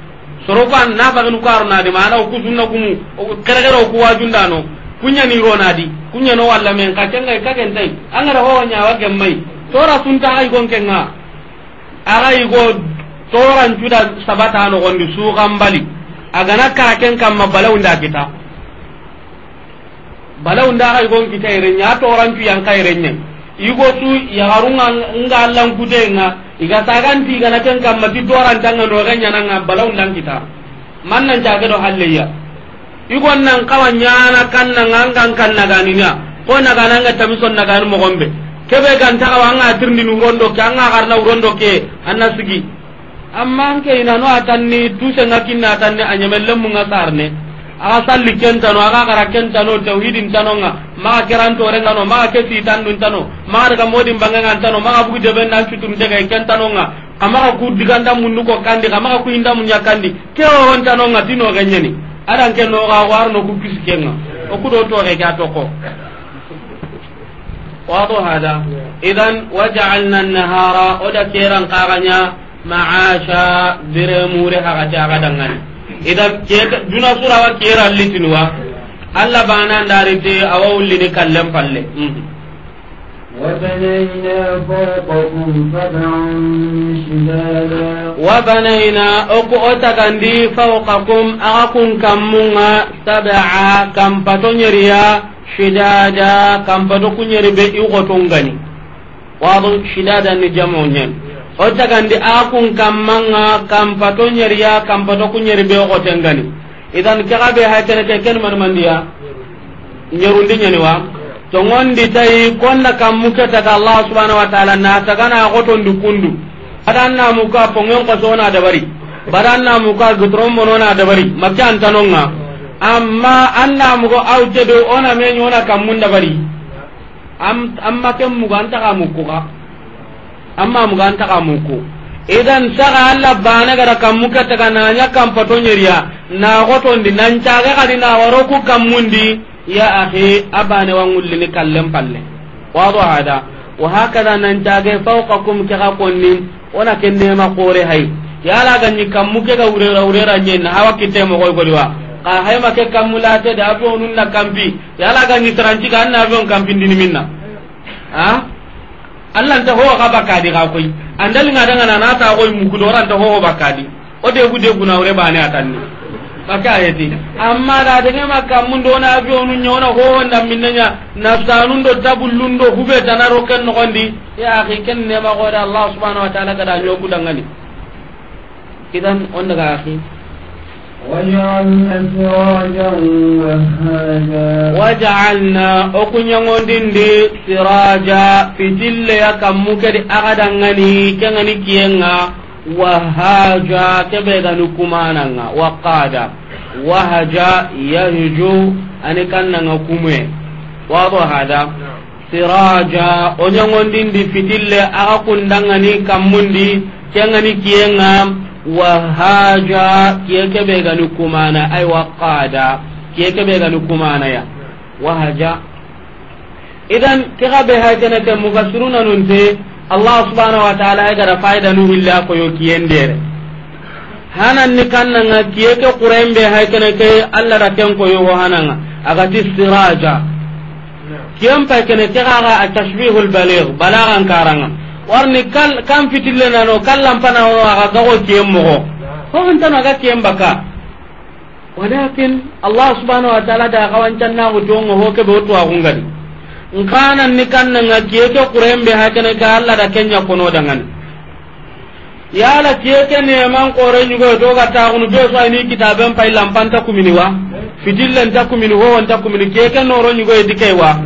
soro ko an na bagnu karna de mana ku sunna kumu kare kare ku wa junda no kunya ni ro na di kunya no walla men ka tanga kage ndai kagente na ho nya wa mai tora sun ta ai gonke nga ara go toran juda sabata no gondi su gambali agana karaken kamma balawunda kita balawunda ka igon kita irenye a torancu yanka irenye igo su yagarunga nga nga iga saganti igana ken kamma ti nga dorantanga noga ñananga balawundan kita man nan cage do halleya igon nan kawa ñana kannanga angan kan naganinia ko nagananga tamison nagani mogonɓe keɓe gantakawa anga tirndini urondo ka anga garna urondo ke anna sigi amma ke ina no atanni duse ngakinna atanni anyamelle munga sarne aga salli kentano aga gara kentano tauhidin tanonga maga kerantorengano maga ke no maga daga modin bangengantano maga bugu debennan cutumtege kentanonga amaga ku diganda mundu ko kandi amaga ku indamu nyakandi keworontanonga tinogenyeni adan ke war no ku ken ku do kisikenga okudo toge ke atoko wado hada idan waja'alna an-nahara oda keran qaganya maasa biremure haka ci aka dangane idan keta duna sura wa kera litin wa Allah bana ndari te awa wulli ni kallan palle wa banayna oku otagandi fawqakum aga kun kammunga sab'a kampato nyeriya shidada kampato kunyeri be iwoto ngani wadu shidada ni jamu nyen o tagandi a kun kammanga kampato nyeriya kampato ku nyeri be ko tengani idan kaga be hakene ke ken man mandiya nyerundi nyani wa to ngondi tay konna kammu ke allah subhanahu wa taala na tagana ko to ko sona gutrom monona amma ona kammun am amma kem amma mu ganta ka muku idan saka ba na gara ta kana nya kam patonyeriya na ndi nan caga kadi na waro ku ndi ya akhi abane wangulli ni kallem palle wado hada wa hakada nan caga fawqakum ka konni ona kenne ma kore hay yala ganni kammu ke ga urera urera nyen hawa kite mo koy goliwa ka hay ma ke kammu te da abonun na kambi ya la ga ni taranci ga na abon kambi ndini minna ha allah nta ho ga bakadi ga koy andal nga daga na ta koy mu kudora nta ho bakadi o de gude guna ure bane atanni maka ayeti amma da daga maka mun do na bi onu nyona ho na minnenya nafsanun do tabullun lundo hube tanaro ken no gondi ya akhi ken ne ma da allah subhanahu wa ta'ala kada nyoku dangani idan on daga akhi وجعلنا سراجا وهاجا وجعلنا أكنيون دندي سراجا في تل يكم مكد أغدنغني كنغني كينا وهاجا كبدا نكمانا وقادا وهجا يهجو أني كان نكمي واضح هذا siraja onyongondindi fitille aga kundangani kammundi kengani kiyenga wahaja keke be gani kumana ay waqada keke be gani kumana ya wahaja idan kega be ha kana ke mufassiruna nun te allah subhanahu wa ta'ala ay gara faida nu illa ko yo kiyendere hanan ni kannanga keke qurembe ha kana ke allah ra ken ko yo hananga agati siraja kiyam pa kana kega ga at-tashbihul baligh balagan karanga warni kal kam fitille nano kal lampana ho aga gago kiem mo ho on tan aga kiem baka walakin allah subhanahu wa ta'ala da gawan tan na go tongo ho ke bo to agungadi nkana ni kan nga kieke kurembe hakene ka allah da kenya kono dangan yala kieke ne man kore nyugo do ga ta gunu be so ni kitaben pai lampanta kumini wa fitille nta kumini ho on ta kumini kieke no ro nyugo edike wa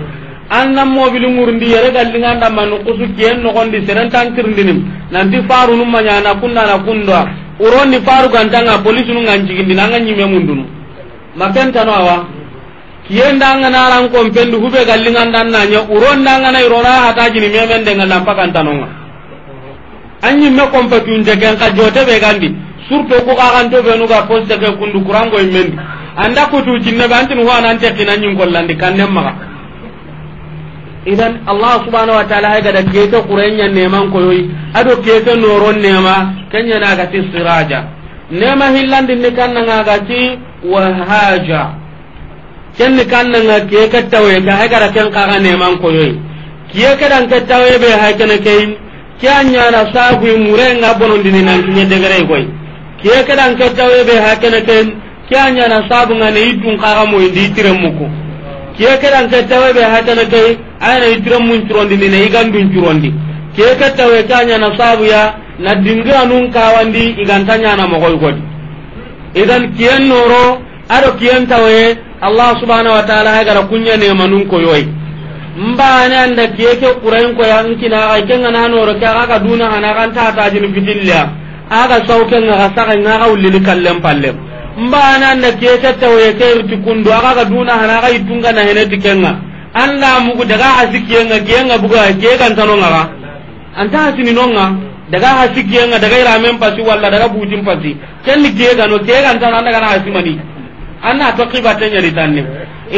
annan mobili ngurundi yere gallinga ndamma no kiyen nogondi seren tankirndinim nanti faru num mañana kundana kunda uronni faru gantanga polisi nu ngancigindi nanga ñime mundunu tano awa kiyen danga naran kompendi hube gallinga nanya uron danga na irona hatajini memendenga lampa gantanonga an ñimme kompetunte ken ka be gandi surtout be kaxanto ɓenuga poste ke kundu kurango mendi anda kutu cinneɓe antin ho ananteqina ñingollandi kannen maxa idan allah subhanahu wa ta'ala gada kete qurenya neman koyoyi ado kete noron nema kenya na gati siraja nema hillandi ni kanna nga gati wahaja ken kan kanna nga ke kattawe ga ha gara ken kaga neman koyoyi kiye kadan kattawe be ha kana kai kya na sabu nga bonon dininan kinye degere koyi kiye kadan kattawe be ha kana kai kya na sabu nga ne idun kaga mo indi tire muku ke dan ke tawe be hatana kai ayana itiram mun curondi ni ne igan turon curondi ke ke tawe tanya na sabu ya na dinga nun kawandi igan tanya na mogoy godi idan kiyen noro ado kiyen tawe allah subhanahu wa ta'ala ha gara kunya ne manun ko yoy mba anda ke ke qur'an ko yan kina ay kenga na noro ka aga duna ana kan ta ta jin bidilla aga sauken sakai saka ga ulil kallem pallem mbana na keta tawe kayr tukundu aga ga duna hana ga itunga na hene tikenga anda mugu daga hasikiyenga kiyenga buga ke kan tano ga anta hasini nonga daga hasikiyenga daga men pasi walla daga butin pasi ni ke ga no ke kan tano anda kana hasimani anna to qibata nyari tanne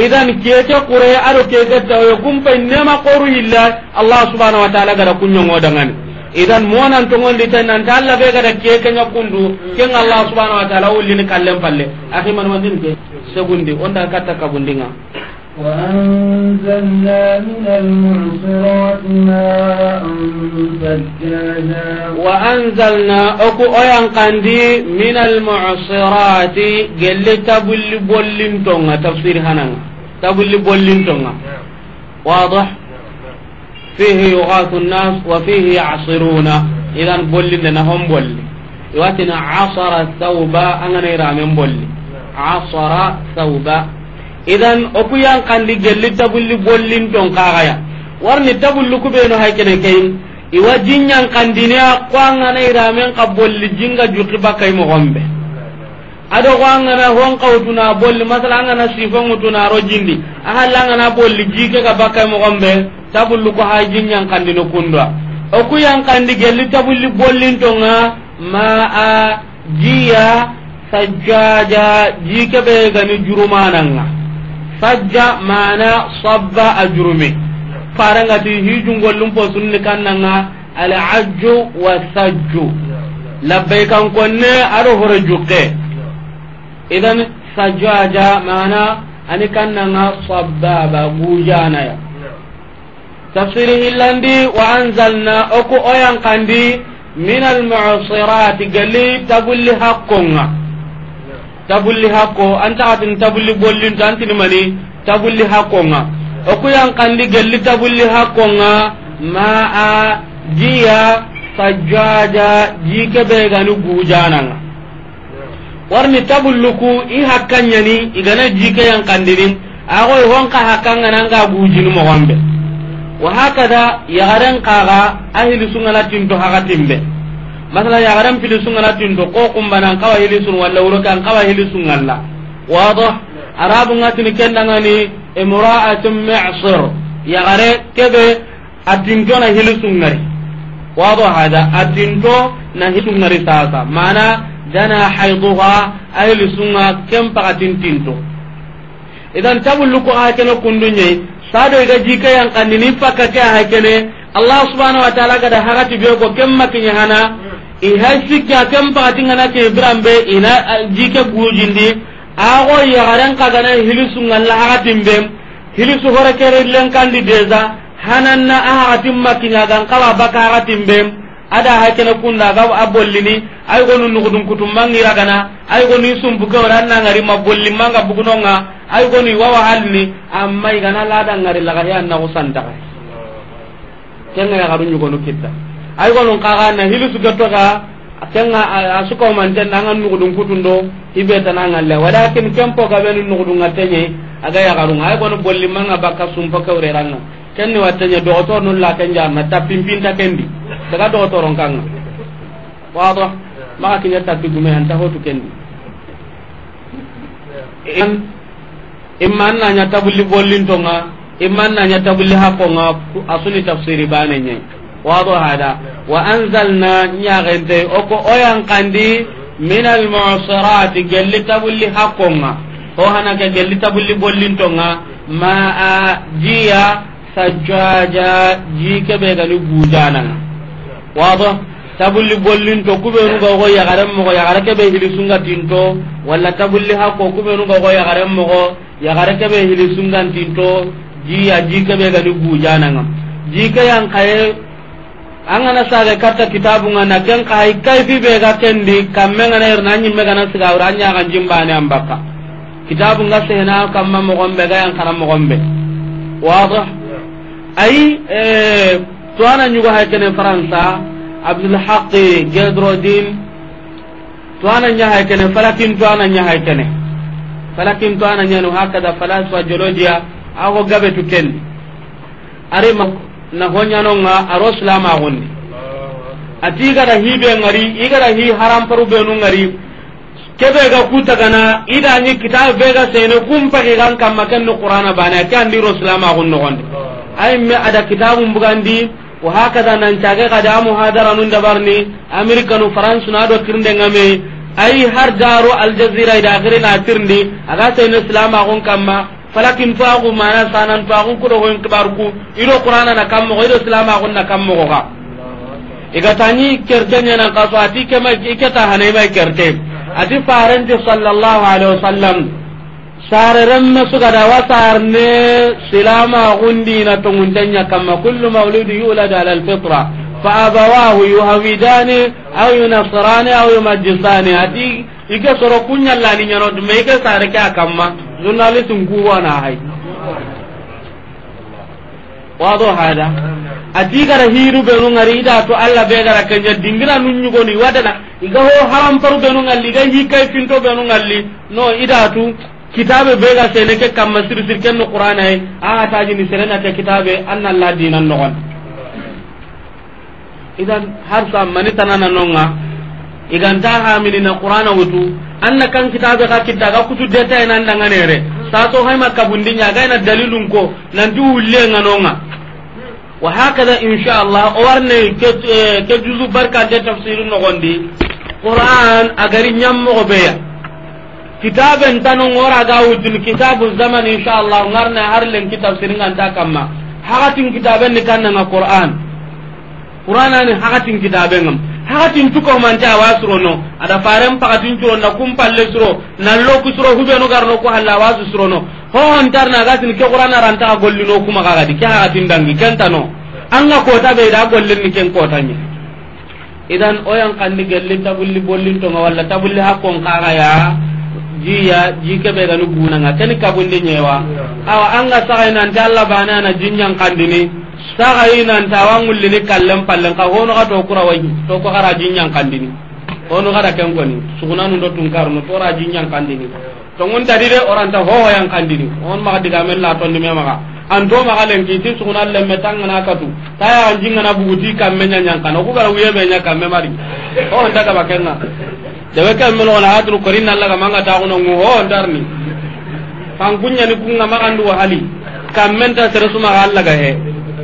idan keke qure aro keke tawe kumpa ma qoru illa allah subhanahu wa ta'ala ga kunyo ngodangani idan monan to ngondi tan nan talla be gada ke kenya kundu ken allah subhanahu wa ta'ala ulli ni kallem palle akhi man wandin ke segundi onda katta kabundinga وأنزلنا من المعصرات ماء ثجاجا وأنزلنا أكو أيان قندي من المعصرات قل تبل بولين تونغا تفسير هنا تبل بولين تونغا واضح fihi yughathu an-nas wa fihi ya'siruna idan bolli na hon bolli iwatina asara thawba angana iramen bolli asara thawba idan oku yan kandi gelli tabulli bollin ton kagaya warni tabullu kubeno haykene kayin iwa jinyan kandiniya ko angana iramen ka bolli jinga juki bakay mo gombe ado ko angana hon kawtuna bolli masala angana sifon utuna rojindi ahalla angana bolli jike ka bakay mo gombe tabullu ko ha jinyan kandi no kundwa o ku yan kandi gelli tabulli bollin tonga ma a jiya sajjaja jike be gani nga sajja mana sabba ajrumi farangati hijungollum po sunni kannanga al ajju wa sajju labbay kan konne aro hore jukke idan sajjaja mana ani kannanga sabbaba gujanaya tafsiri hillandi wa anzalna oku oyan kandi min almu'sirati gali tabulli haqqonga tabulli haqqo anta atin tabulli bollin tanti mani tabulli haqqonga oku yan kandi gali tabulli haqqonga ma'a giya sajjaja jike be gani gujananga warni tabulluku i hakkanyani igana jike yan kandini agoy honka hakkanga nanga gujini mogonɓe وهكذا يغرن قاغا أهل سنة تنتو حقا تنبه مثلا يغرن في سنة تنتو قوكم بنا قوى أهل سنة ولا ولوك أن قوى أهل سنة واضح أراب ناتن كنغني امرأة معصر يغرن كبه أتنجو نهل سنة واضح هذا أتنجو نهل سنة ساسا معنى جنا حيضها أهل سنة كم فقط تنتو idan tabullu ko ha kene kundunye sado iga jika yang kandini pakate ha kene allah subhanahu wa taala kada harati be ko kemma kinya hana hmm. i ha jika kem pati ngana ke brambe ina eh, jike gujindi ago yaran kagana hilisu ngalla harati be hilisu hore kere len kandi deza hananna a harati makinya gan kala baka harati be ada hakene kunda ga abollini ay gonu nugudun kutum mangira gana ay gonu sumbu ran na ngari mabolli manga bugunonga ay gonu wawa halni amma igana ngari laga ya na usanta ka kenga ya garunyu gonu kitta ay gonu kaga na hilu asuko man na ngan nugudun ibe tan walakin kempo nugudun ngatenye aga ya ay gonu bolli manga sumbu ka kenni wattenya dogotor nun la kenja ma tapin pinta kendi daga dogotoron kanga wado maka kinya tapi gume anta hotu kendi in imman nanya tabulli bollin nga imman nanya tabulli hakonga asuni tafsiri bane nyen wado hada wa anzalna nyagente oko oyan kandi min almu'sirati gelli tabulli hakonga ho hanaka gelli tabulli bollin tonga ma'a jiya sajjaja jike be gani gujananga wado tabulli bollin to ga go mo be hili sunga tinto tabulli ga go mo go be hili sunga tinto ji ya jike be gani jike yang angana sare kitabu ngana ken kai kai fi be ga kendi siga uranya kan jimbane ambaka kitabu ngase na kamma mo gombe ga yang kana mo gombe wadah ay e, to nyugo hay kene faransa abdul gedrodin nya hay kene falakin nya hay kene falakin nya no hakada ago gabe tu are ma na honya no nga aro honni ati gara hi be ngari igara hi haram paru be ngari kebe ga kuta ida ni kitab be ga sene kumpa no qur'ana bana kan di ro ay me ada kitabun bugandi wa hakada nan caga kada mu hadara nun dabarni amerika nu france na do kirnde ngame ay har daru al jazeera ida akhiri na tirndi aga sai ne islam agon kamma falakin fa faagu mana sanan fa ko kudo hoyin kibarku ido qur'ana na kammo ido islam agon na kammo ko ga tani kerte ñanan kaso ati kema iketa hanai mai kerte ati farenti sallallahu alaihi wasallam sareremme da wa sarne silama gundina tongundenya kama kullu mawlidu yuladu ala alfitra fa abawahu yuhawidani aw yunasrani aw yumajjisani ati ike soro kunyallani ñanoti dume ike sare ke a jurnalist journaliste na hay wado hada ati gara hiru benu ngari ida to alla be gara kanya dingira nun nyugo ni wadana iga ho haram paru benu ngalli ga hikai finto benu ngalli no ida kitabe be ga sene ke kam sir ken no qur'an ay a ta ji ni sene ta kitabe anna allah dinan no idan har sa mani tanana nonga igan ta ha mini na qur'ana wutu anna kan kitabe ga kitta ga kutu de ta nan danga ne re sa to hay makka bundinya ga na dalilun ko nan du ulle nganonga wa hakada insha allah o warne ke eh, ke juzu barka de tafsirun no gondi qur'an agari nyammo go beya kitaben tanu ngora ga wudun kitabu zaman inshallah ngarna har len kitab siringan ta kamma hakatin kitaben ni kanna na qur'an qur'ana ni hakatin kitaben ngam hakatin tuko man ta wasro no ada faren pakatin turo na kumpalle suro na loku suro hube no garno ko halla wasu suro no ho on tarna ga tin ke qur'ana ranta golli no kuma ga di ke hakatin dangi kenta no an ga kota be da gollin ni ken kota ni idan oyan kandi gelli tabulli bollin to walla tabulli hakkon kaga ya jiya jike be ganu bunanga ken kabunde nyewa awa anga saga nan dalla bana na jinyan kandini saga nan tawangulli ni kallam pallan ka hono ka to kura wayi to ko hara jinyan kandini hono kada ken goni sugunanu do tun karno to ra jinyan kandini to ngun tadi de oranta ho yang kandini on ma diga men la to ni ka. an to ma galen ki ti sugunan le metang na katu taya jinga na buguti kamme nyanya kan ko ga wiye be nya me mari on daga bakenna dewe kemmel wona hatru korin allah ga manga taxunongu ho oh, ndarni fankuñani kunga maxandu hali kammen ta sere sumaxa allah ga he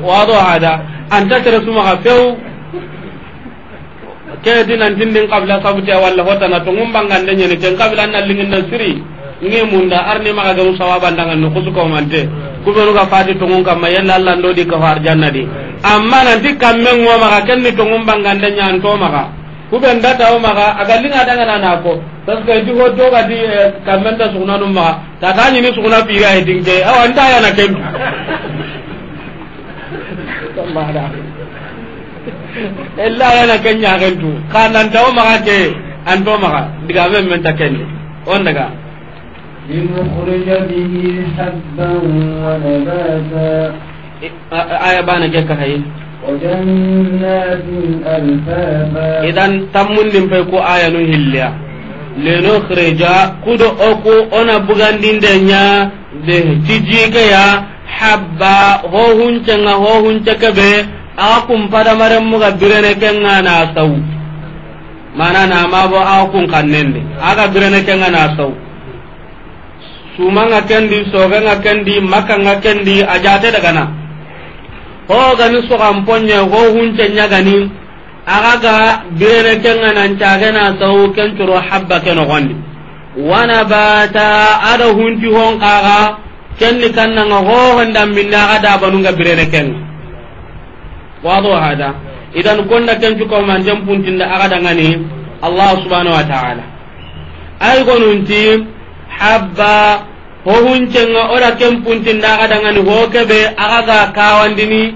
waado hada anta suma ga feu ke qabla kabila wala hota na to ngumbangande ñani ken lingin na siri nge munda arni maxa bandangan sawabandanganni kusukomante faati to tongun kamma yalla allah ndodi ka ho janna di amma nanti kammen ngomaxa kenni tongumbangande ñantomaxa kuben da taw maga agalinga daga na nako tasga di ho to ga di kamen da sugna num maga ta ta ni ni sugna pi ga hidin ke awa nda ya na ken sallada ella ya na ken ya ken tu kanan tawo maga ke an to maga diga men men ta ken on daga لنخرج به حبا aya آية بانا جاكا هاي idan tammunnin fay ko ayanu hilliya leno khreja kudo oku ona bugandindenya de tijigeya habba ho huncenga ho akum pada maram muga birene kenga na tau mana ma bo kun kanende aga birene kenga na suma sumanga kendi soganga kendi makkanga kendi ajate na. hogani soganpoye ho hunce ñagani ga bene kenga nancagena sawu kencoro habba ke nogondi wanabata ada hunti honkaga minna kannanga hohondanminne aga dabanunga birene kenga wado hada idan konda kencukomanten puntinde aga ngani allah subhanahu wa taala ay gonunti habba hohuncenga oda ken puntindaga dangani hokebe agaga kawandini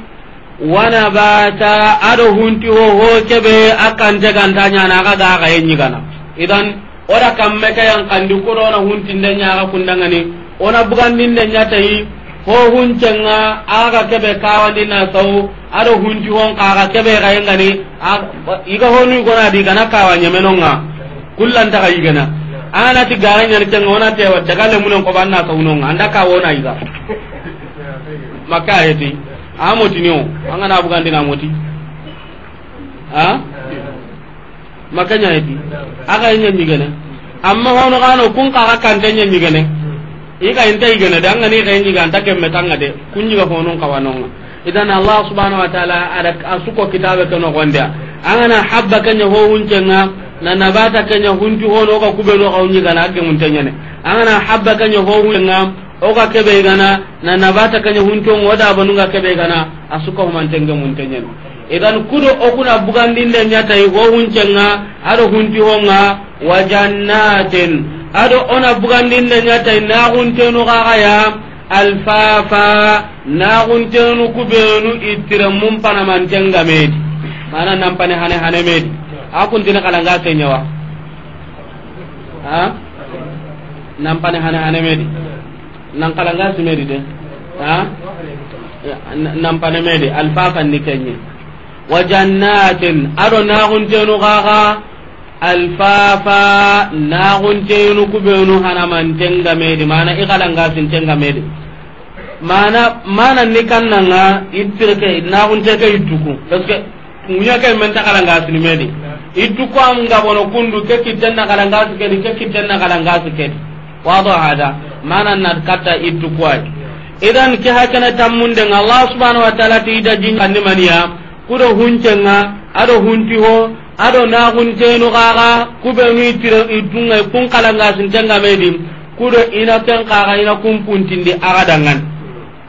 wanabata ado hunti ho hokebe akante gantanyana agaga agayenyigana idan oda kamme kayan kandi kurona huntinde nyaga kundangani ona bugandinde nyatayi hohuncenga agaga kebe kawandina sau ado hunti hon kaga kebe gayengani iga honu gona digana kawanyemenonga kullantaga yigana anati garanyani kenga wonatewa dagale munen koɓa anna saunonga anda ka wona yiga makka ayeti a motini o angana bugandina moti a makka ñayeti aga ñañigene amma hono gano kun kaga kante ñañigene iga inta igene de angani ixee ñiga anta kemme tanga de kun ñiga ka kawanonga idan allah subhanau wa taala ada a suko kitabe ke nogondea angana habba kenya ho nga. na nabata kanya hunju hono oka kube loka ka unyi gana ke muntanyane angana habba kanya ho nga o ka kebe gana na nabata kanya hunju ngoda wada abanunga kebe gana asuka humantenge muntanyane muntanya idan kudo okuna kuna nyata den nyata nche nga ado hunju honga nga ado ona bugandinde nyata nyata na hunju ga ga alfafa na huntenu kubenu itire mum pana mantenga medi mana nampane hane hane medi akuntini kalanga kenyewa a nampani hane hanemedi nan kalanga simedi de a nampane medi wa jannatin alfafa mana xalanga sintengamedi mana mana ni kannanga ittirke ittuku parce que men iddu ko am ga bono kundu ke kittenna kala ngasu kedi ke kittenna kala ngasu kedi wado hada mana na kata iddu ko ay idan ke hakana tammunde Allah subhanahu wa ta'ala ti da jin kan maniya kudo huncenga ado hunti ho ado na huntenu gaga kube ni tire idunga kun kala ngasu tenga medi kudo ina ken kaga ina kun puntindi aga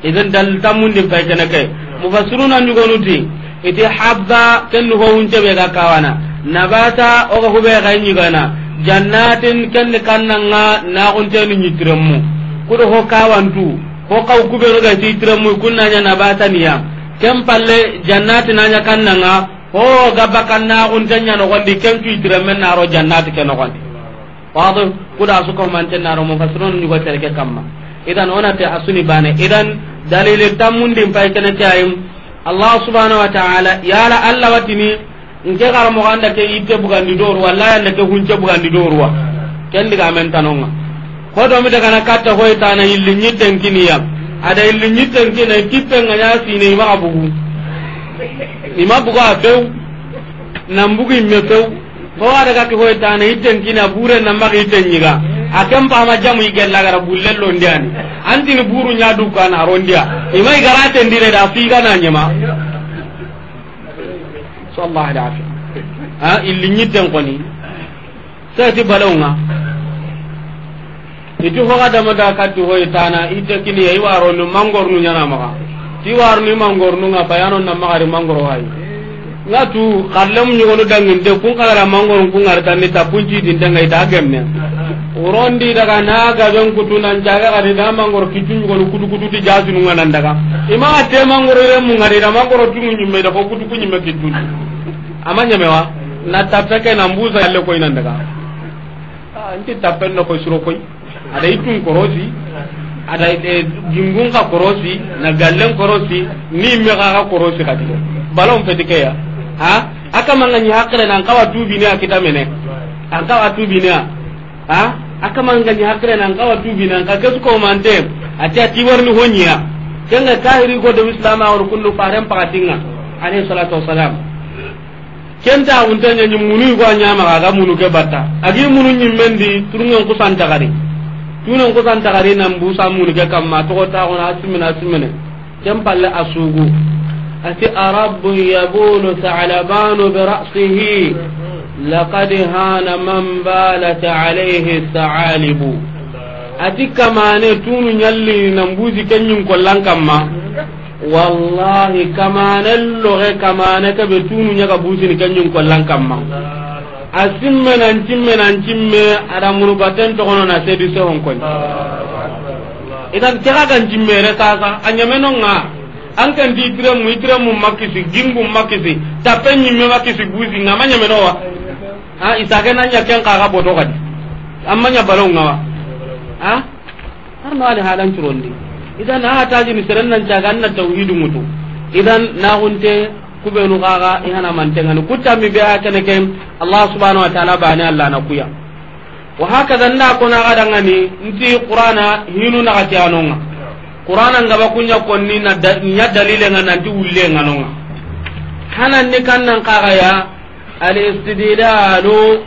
idan dal tammunde fa kana kai mufassiruna nyugonuti ite habba ken ho hunce be ga kawana nabata oga hube ga gana jannatin na kannanga ni nyitiremu kudo ho kawantu ho kaw kubero ga kunna nya nabata niya kem palle jannati nanya kannanga ho gabba kanna nya no gondi kem na ro jannati keno gondi wado kuda suko manten naro mufassirun nyugo terke kamma idan onati asuni bane idan dalil tamundi pay kenati ayum allah subhanahu wa ta'ala yala allah watini nke gara mo ganda ke itte bugandi doru walla yalla ke hunce bugandi doru wa ken diga men tanonga ko do mi daga na katta hoy tana illi nyitten kiniya ada illi nyitten kiniya kippe nganya ne ima bugu ima bugu a abew nambugu me few ko ada ka ke hoy tana itten kiniya bure namba ke itten nyiga akem pa ma jamu igella gara bullello ndiani antini buru nya dukana rondia ima igara tendire da figa na nyema sallallahu alaihi wasallam a illi koni sati balawnga dama da katti hoy tana ite kini waro no mangor nyana ti waro ni mangor nu nga bayano na magari mangor kallam dangin de kun kala mangor kun ni din danga urondi daga don kutu nan jaga ga da mangor kutu kutu ti jazu nu daga ima te mangor re ngari da mangor tu da ko kutu amma nyamewa na tapta ke na mbusa. yalle koy nan daga anti ah, tappen no koy suro koy ada itun korosi ada eh, gingun ka korosi na gallen korosi ni me ka ka korosi kadi balon fetike ya ha aka manga nyi hakre nan kawa tubi ne akita mene an kawa tubi ne ha aka manga nyi hakre nan kawa tubi ne ka kesu ko mande ati ati warni honya kenga tahiri go do islama or kullu faren pakatinga alayhi salatu wassalam kenta wunta nyi munu ko nyama ga munu ke batta agi munu nyimmendi turungen kusan tagari tunen kusan tagari nan bu sa munu ke kamma to ta ona asimina asimene kem palle asugu ati arabu yabulu ta'labanu bi ra'sihi laqad hana man balat alayhi ta'alibu ati kamane tunu nyalli nan buji kenyun kollan kamma wallahi kamane loxe kamane keɓe tunu ñaga busini ke ñin kollan kamma a simme nan cimme nan cimme aɗa murubaten toxonona sedi sehon koñ idan kexa gan cimmere sasa a ñamenonga an kan di tiremu itiremu makisi gingum makisi tape ñimme makisi busi ngama ñamenowa a isake na ñaken kaxa boto xadi amma ñabalonga wa a arno ani haɗan curondi idan na ta jini seren nan ta ganna tauhidu mutu idan na hunte kubenu gaga ihana mi mi biya hakene ken allah subhanahu wa ta'ala bani allah na kuya wa na nda kona gada ngani nti qur'ana hinu na gati anonga qur'ana ngaba kunya konni na nya dalile ngana nti ulle nganonga hanan kan kannan kaga ya al istidlalu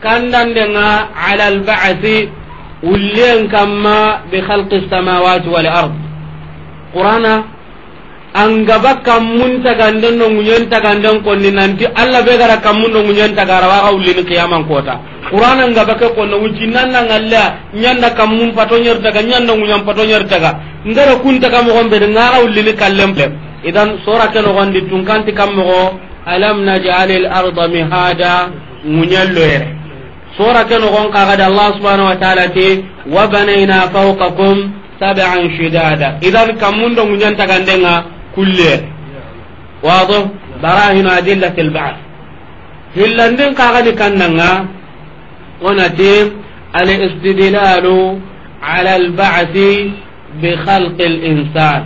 kandan denga ala al ba'thi ullen kamma bi khalqi samawati wal angaba kammun no nanti alla be gara kammun no tagara wa ni kota ke nyanda kammun daga nyanda daga ngara kun taga mo gombe ngara ni kallem idan sura ke no gondi kammo alam naj'alil arda mihada سورة نغون قاعد الله سبحانه وتعالى وبنينا فوقكم سبعا شدادا إذا كمون دون من ينتق كل واضح براهن أدلة البعث هل أندن قاعد كننا ونتيم الاستدلال على البعث بخلق الإنسان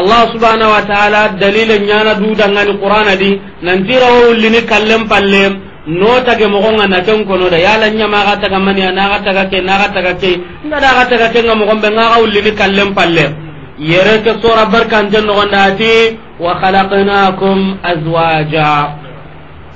الله سبحانه وتعالى دليل نانا دودا نان القرآن دي نانتيرا ولي نكلم فاللم no tage mogonga na ken kono da yala nyama ga taga mani na ga taga ke na ga taga ke na da ga taga ke nga mogon be nga ga ulli ni kallem palle yere ke sura barkan jan no gonda ati wa khalaqnakum azwaja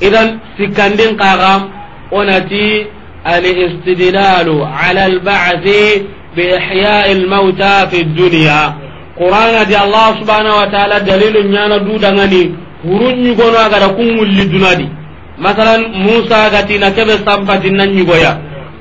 idan sikandin qaga onati al istidlalu ala al ba'th bi ihya al mauta fi dunya qur'ana di allah subhanahu wa ta'ala dalilun du dudangani hurun nyugono aga da kungulli dunadi masalan musa gati na kebe sampati nan nyugoya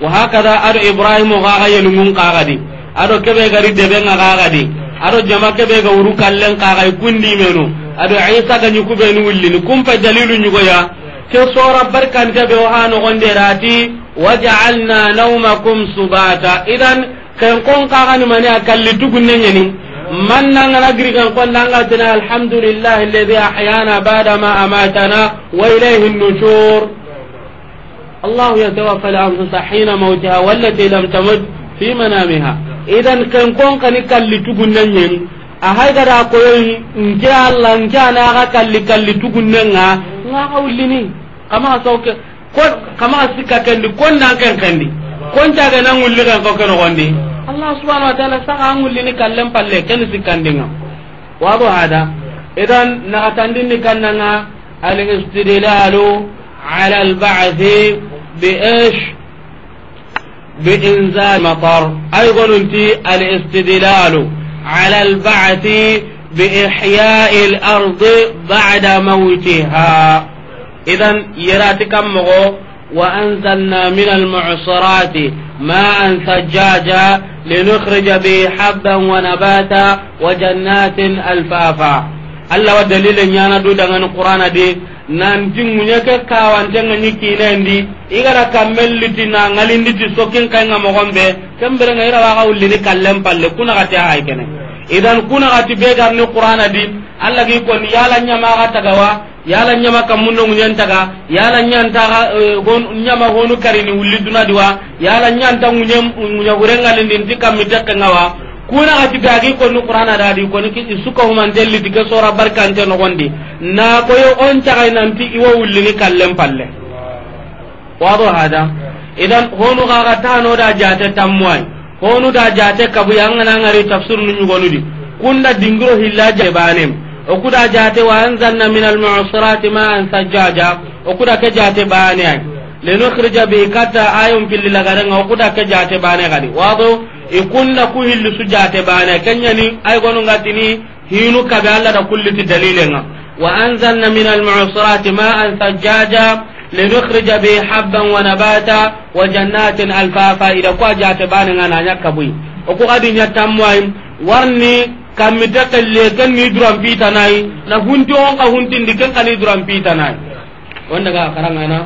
wa hakada ado ibrahim ga ga yelu mun ka gadi ado kebe gari debe nga ga gadi ado jama kebe ga uru kallen ka ga kundi menu ado isa ga nyuku be nu wulli ni kumpa dalilu nyugoya ke sora barkan kebe wa hanu gonde rati waja'alna nawmakum subata idan kan kon ka ga ni mani akalli tugunne nyeni man nangana girigan konda angatina alhamdulillah alladhi ahyana bada ma amatana wa ilayhi nushur allah yatawaffa al-anfusa hina mawtiha wallati lam tamut fi manamiha idan kan kon kan kalli tugunnen yen a koyoy nke allah nke kalli kalli tugunnen nga nga kawullini kama sauke kama sikka kendi kon nan ken kendi kon caga nan wulli kan ko kenogondi allah subhanahu wa ta'ala saka angullini kallen palle ken sikkandinga wado hada idan nakatandinni kannanga alistidlalu ala albathi biish بإنزال مطر أي قلنتي الاستدلال على البعث بإحياء الأرض بعد موتها إذا يراتكم مغو وأنزلنا من المعصرات ماء ثجاجا لنخرج به حبا ونباتا وجنات الفافا alla wa dalile nyana du daga ni qur'ana de nan tingu nyake kawan tanga ni kinendi igara kamelli ngalindi ti sokin kay nga mogombe kambere ira rawa ga kallen palle kuna kata ay kene idan kuna kati be gar ni di alla gi ko yala nyama ga tagawa yala nyama kamunno nyen taga yala nyan taga e, gon nyama honu karini wulli duna diwa yala nyan ta ngunyem ngunya gurenga lindin tikam mitakka ngawa kuna ati gagi ko no qur'ana dadi ko ni ki suka human delli diga sora barkante no gondi na ko yo on taga nanti iwo wulli ni kallem palle wado hada idan honu ga ga no da jate tamwai honu da jate kabu yang na ngari tafsir nu nyugonudi kunda dingro hillaje banem okuda jate wa anzalna min almu'sirati ma'an sajjaja okuda ke jate bane ay linukhrija bi kata ayum fil lagarenga okuda ke jate bane gadi wado ikunna ku hillu su jate bane kenyani ay gonu ngatini hinu kabe alla da kulliti dalilenga wa anzalna min almu'sirati ma'an sajjaja linukhrij bi habban wa nabata wa jannatin alfafa ida kwa jate bane ngana nyakabui oku gadi kammite kelle ken ni duran pitanayi na hunti on ka huntindi ken kani duran pitanayi on daga karangana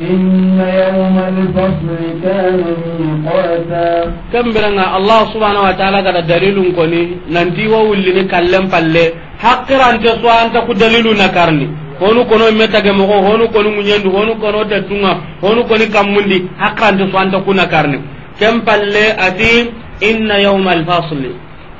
إن يوم الفصل كان ميقاتا كم برنا الله سبحانه وتعالى قد دليل كوني ننتي وولني كلم فلي حقرا أنت honu kono metage mogo honu kono ŋuñendu honu kono tettunga honu koni kammundi hakkante so anta kuna karni ken palle ati inna yauma alfasli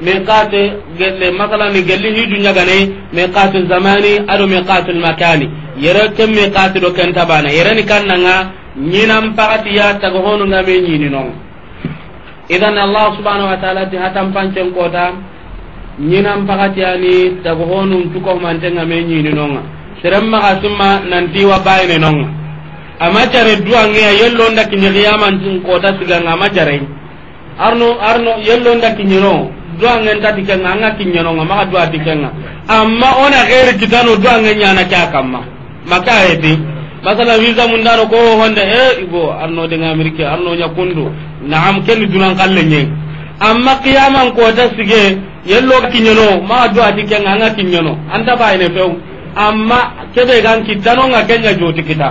miqate gelle masala ni gelli hiju nyagane miqatu zamani ado miqatu makani yere kem miqatu do ken tabana yere ni kannanga nyinam pagati ya tago honu ngame nyini non idan allah subhanahu wa ta'ala ti hatam pancen kota nyinam pagati ani tago honu tuko nga me nyini non serem maga summa nanti wa bayne non ama jare a yello ndaki nyiyaman tin kota siganga ma jare arno arno yello ndaki nyino dua ngen ta dikenga anga kinyano nga maka dua dikenga amma ona khairi kitano dua ngen nyana kya kamma maka heti masala visa mundaro ko honda e eh, igo arno de amerika arno nya kundu naam ken dunan kalle nyen amma qiyaman ko ta sige yello kinyano ma dua dikenga anga kinyano anda ne few amma kebe gan kitano nga kenya joti kita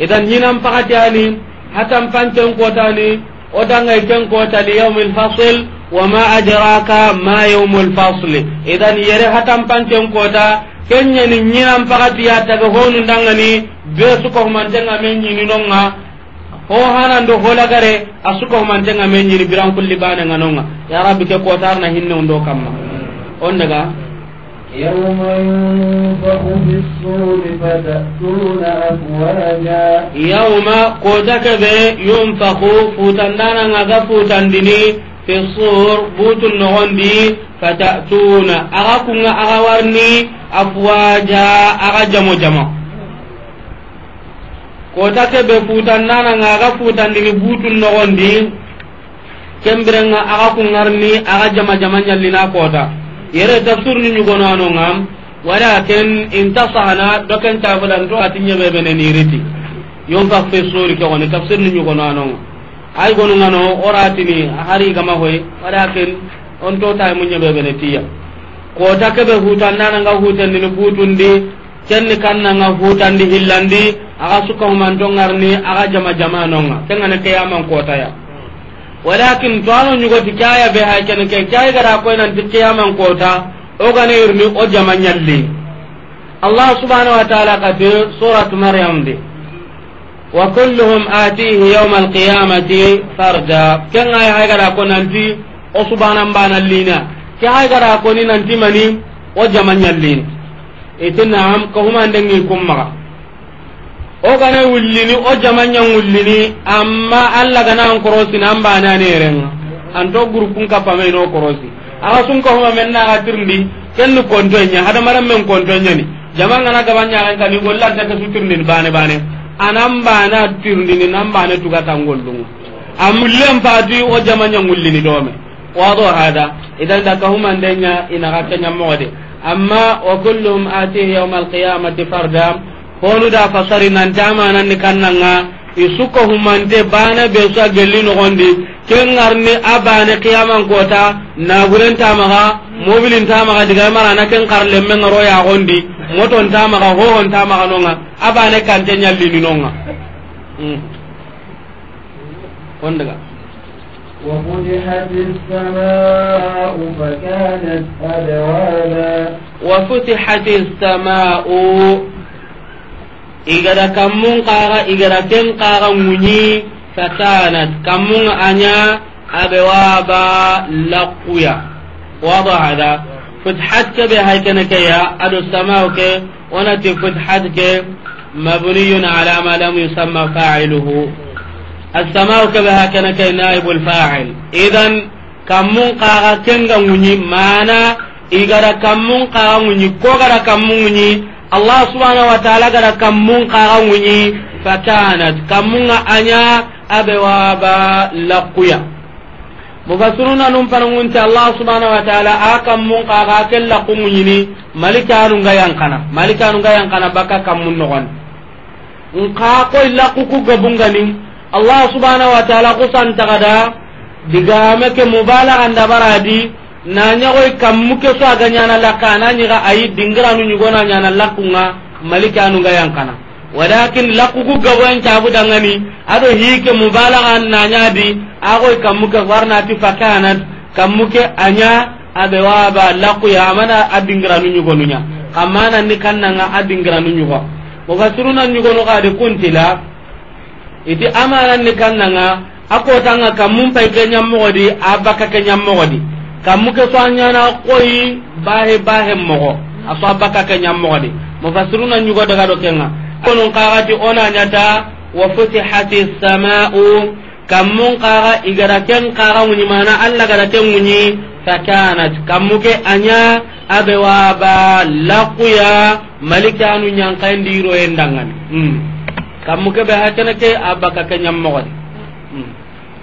idan nyinan pakati ani hatam pancen kota ni odanga ken kota li yawmil fasil وما أدراك ما يوم الفصل إذا يري هتم بانتين كوتا كن يني نيران فقط ياتغهون دانغني بيسوكو مانتين أمين ينونغا ho asuko biran kulli bana nganonga ya rabbi ke ko na hinne undo kamma on daga yawma yunfahu bis-sur fatatuna afwaja yawma ko daka be futandana ngaga futandini fi sur butul nogondi fatatuna aga kunga aga warni afwaja aga jamo jamo kota kebe futannananga aga futandini butul nogondi kembirenga aga kungarni aga jama jama ñallina kota yere tafsir ni ñugonoanonga walakin intasahana doken cafulanto ati ñeɓeɓene niriti yonka fi suri kegoni tafsir ni ñugonoanonga ay gonu ngano oratini hari gama hoy walakin on to tay munya be bene tiya ko ta ke be hutan nana nga hutan ni butundi cenni kan nan nga hutan di hillandi aga suka man ni aga jama jama nonga kenga ne kiyaman ko ta ya walakin to anu nyugo tikaya be hay ken ke kaya gara ko nan tikiyaman ko ta o gane irni o jama nyalli allah subhanahu wa ta'ala ka suratul maryam di wa kulluhum atihi yawm alqiyamati farda ken ay ay gara ko nanti o subhanan bana lina ke ay gara ko ni nanti mani o jamanya lin itina am ko huma ndengi kumma o gana wullini o jamanya wullini amma alla gana an korosi nan bana ne renga an to gurupun ka pame no korosi aga sun ko huma menna atirndi ken ni kontonya hada maram men kontonya ni jamanga na gabanya kan ni golla ta ka sutirni bane bane anan bana tirndini nan bana tugatangollunga amullen pati o jamanya ngullini dome wado hada idan daka humandenya inaga kenyammoode amma wa ati atihi yawma alqiyamati farda honu da fasari nan jamananni kannanga isuko humante bana be su gelli no gondi ken ngarne abane qiyaman kota naguren tamaga mobilin tamaga diga mara na ken karle men ngaro ya gondi moton tamaga hohon hon tamaga nonga abane kante nyalli ni nonga hmm ondaga وفتحت السماء فكانت أبوابا وفتحت السماء igada kammun kaga igada ken kaga munyi fakanat kammun anya abewaba laquya wada hada futhat ke be haykene ke ya ado samao ke onati futhat ke mabniyun ala ma lam yusamma fa'iluhu السماو كبها كان نائب الفاعل idan kammun kaga kenga munyi mana igara kammun kaga munyi ko gara kammun munyi allah subhanahu wa ta'ala gara kammun kaga munyi fakanat kammunga anya abewaba laquya mufassiruna num panangunti allah subhanahu wa ta'ala a kammun kaga ken laqu munyini malikanunga yankana malikanunga yankana baka kammun nogon nka koy laqu ku gabungani allah subhanahu wa ta'ala kusantakada digame ke mubalagan dabaradi na ñagoy kammu muke so aga ñana lakka ana ñiga ayi dingiranu ñugona ñana lakkunga malike anunga yankana walakin lakkuku gaboen cabudangani aɗo hiike mubalagan nañadi agoy kammu ke warnati fakahanat kammu ke aña aɓe waba lakkuya amana a dingiranu ñugonuña kammananni kannanga a dingiranu ñugo mofasiruna ñugonu kadi kuntila iti amananni kannanga a kotanga kammun pay ke ñammogodi a bakka ke ñammogodi kammuke so anyana koyi bahe bahe mogo aso abaka ke nyammogodi mufassiruna nyugo daga do kenga kono kagati ona nyata wa futihati samaa'u kammun kaga igara ken kaga muni mana alla gara ken muni fakanat kammuke anya abewa ba laquya malikanu nyankandiro endangani mm kammuke be hakene ke abaka ke nyammogodi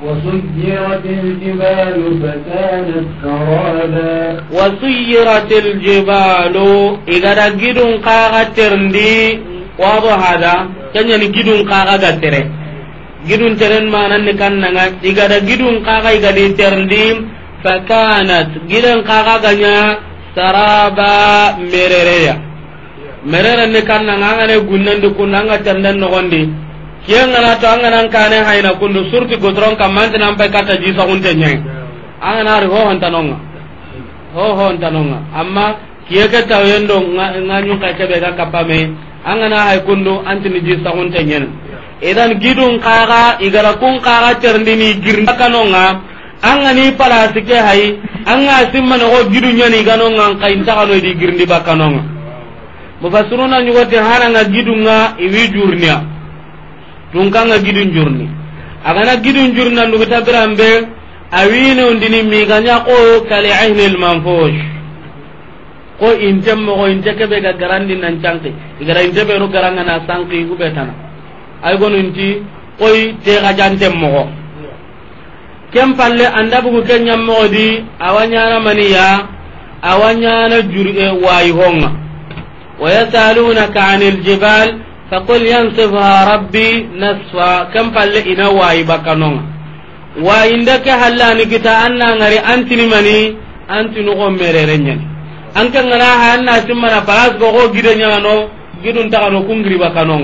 وسيرت الجبال فكانت سرابا وسيرت الجبال إذا رجل قاغا ترندي هذا كان يعني جدون قاغا تري gidun teren mananni kannanga igada gidun kaga igadi terndi fakanat gidan kaga ganya saraba merereya merere ni kannanga angane gunnandi kunna anga ternden nogondi ngana to angana kane hayna kundu surti godron kam man tan ampai kata ji sa unte nyai angana ri ho hontanonga ho ho hontanonga amma kiyaka tawendo nganyu ka kebe ga kapame angana hay kundu an antini ji sa unte nyen idan gidun kaga igara kun kaga terndini girna kanonga angani pala sike hay anga simman ho gidun nyani ganonga kain tagano di girndi bakanonga mufassiruna nyugote hananga gidunga iwi jurniya tun kan kanga gidin jurni a agana gidin na jurna ndugu tabirambe awine undini miganya ko kali ahni almanfush ko in intem mo ko inte kebe ga garandi nan canki igara inte be ro garanga na sanki ube tana ay gonu inti koy te ga jantem mako kem palle anda bugu kenya mako di awanya na maniya awanya na juri e eh, wayi honga wa yasalunaka anil jibal فقل ينصفها ربي نصفا كم فل إنا واي بكنون وإندك هلا نكتا أنا غري أنت لمني أنت نقوم مريرين أنك غراها أنا سمنا فراس بغو جدن يغنو جدن تغنو كنغري بكنون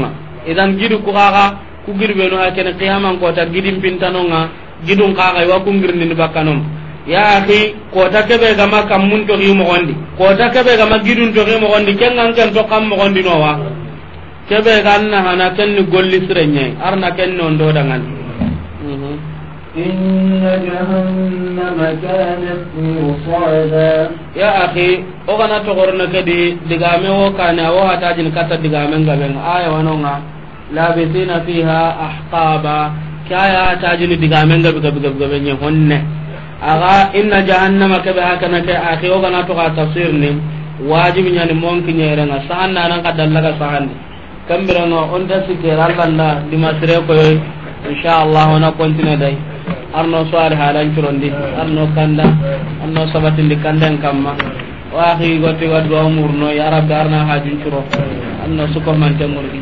إذن جدو كغاغا kugir beno hakene qiyaman kota gidin pintanonga gidun kaga wa kungir ni bakanom ya akhi kota kebe ga maka mun to gi mo gondi kota kebe ga magidun to gi kengan to kam nowa kebe ganna hana kenni golli sirenye arna ken non do dangan mhm. inna jahannama kanat mirsada ya akhi o gana to gorna di digame o kana o hata jin kata digame ngaben aya wanonga labisina fiha ahqaba kaya ya ta jin digame ngabe gabe gabe gabe nye honne aga inna jahannama kebe hakana ke akhi o gana to ga tafsir ni wajibi nyani monki nyere na sahanna nan kadallaga sahanna kambiranga onta sikkere allanda dimasire koyo inchallah ona continue day arno soare halancurondi arno kanda arno sabatindi kanden kamma o duwa murno ya rabbi arna arno murgi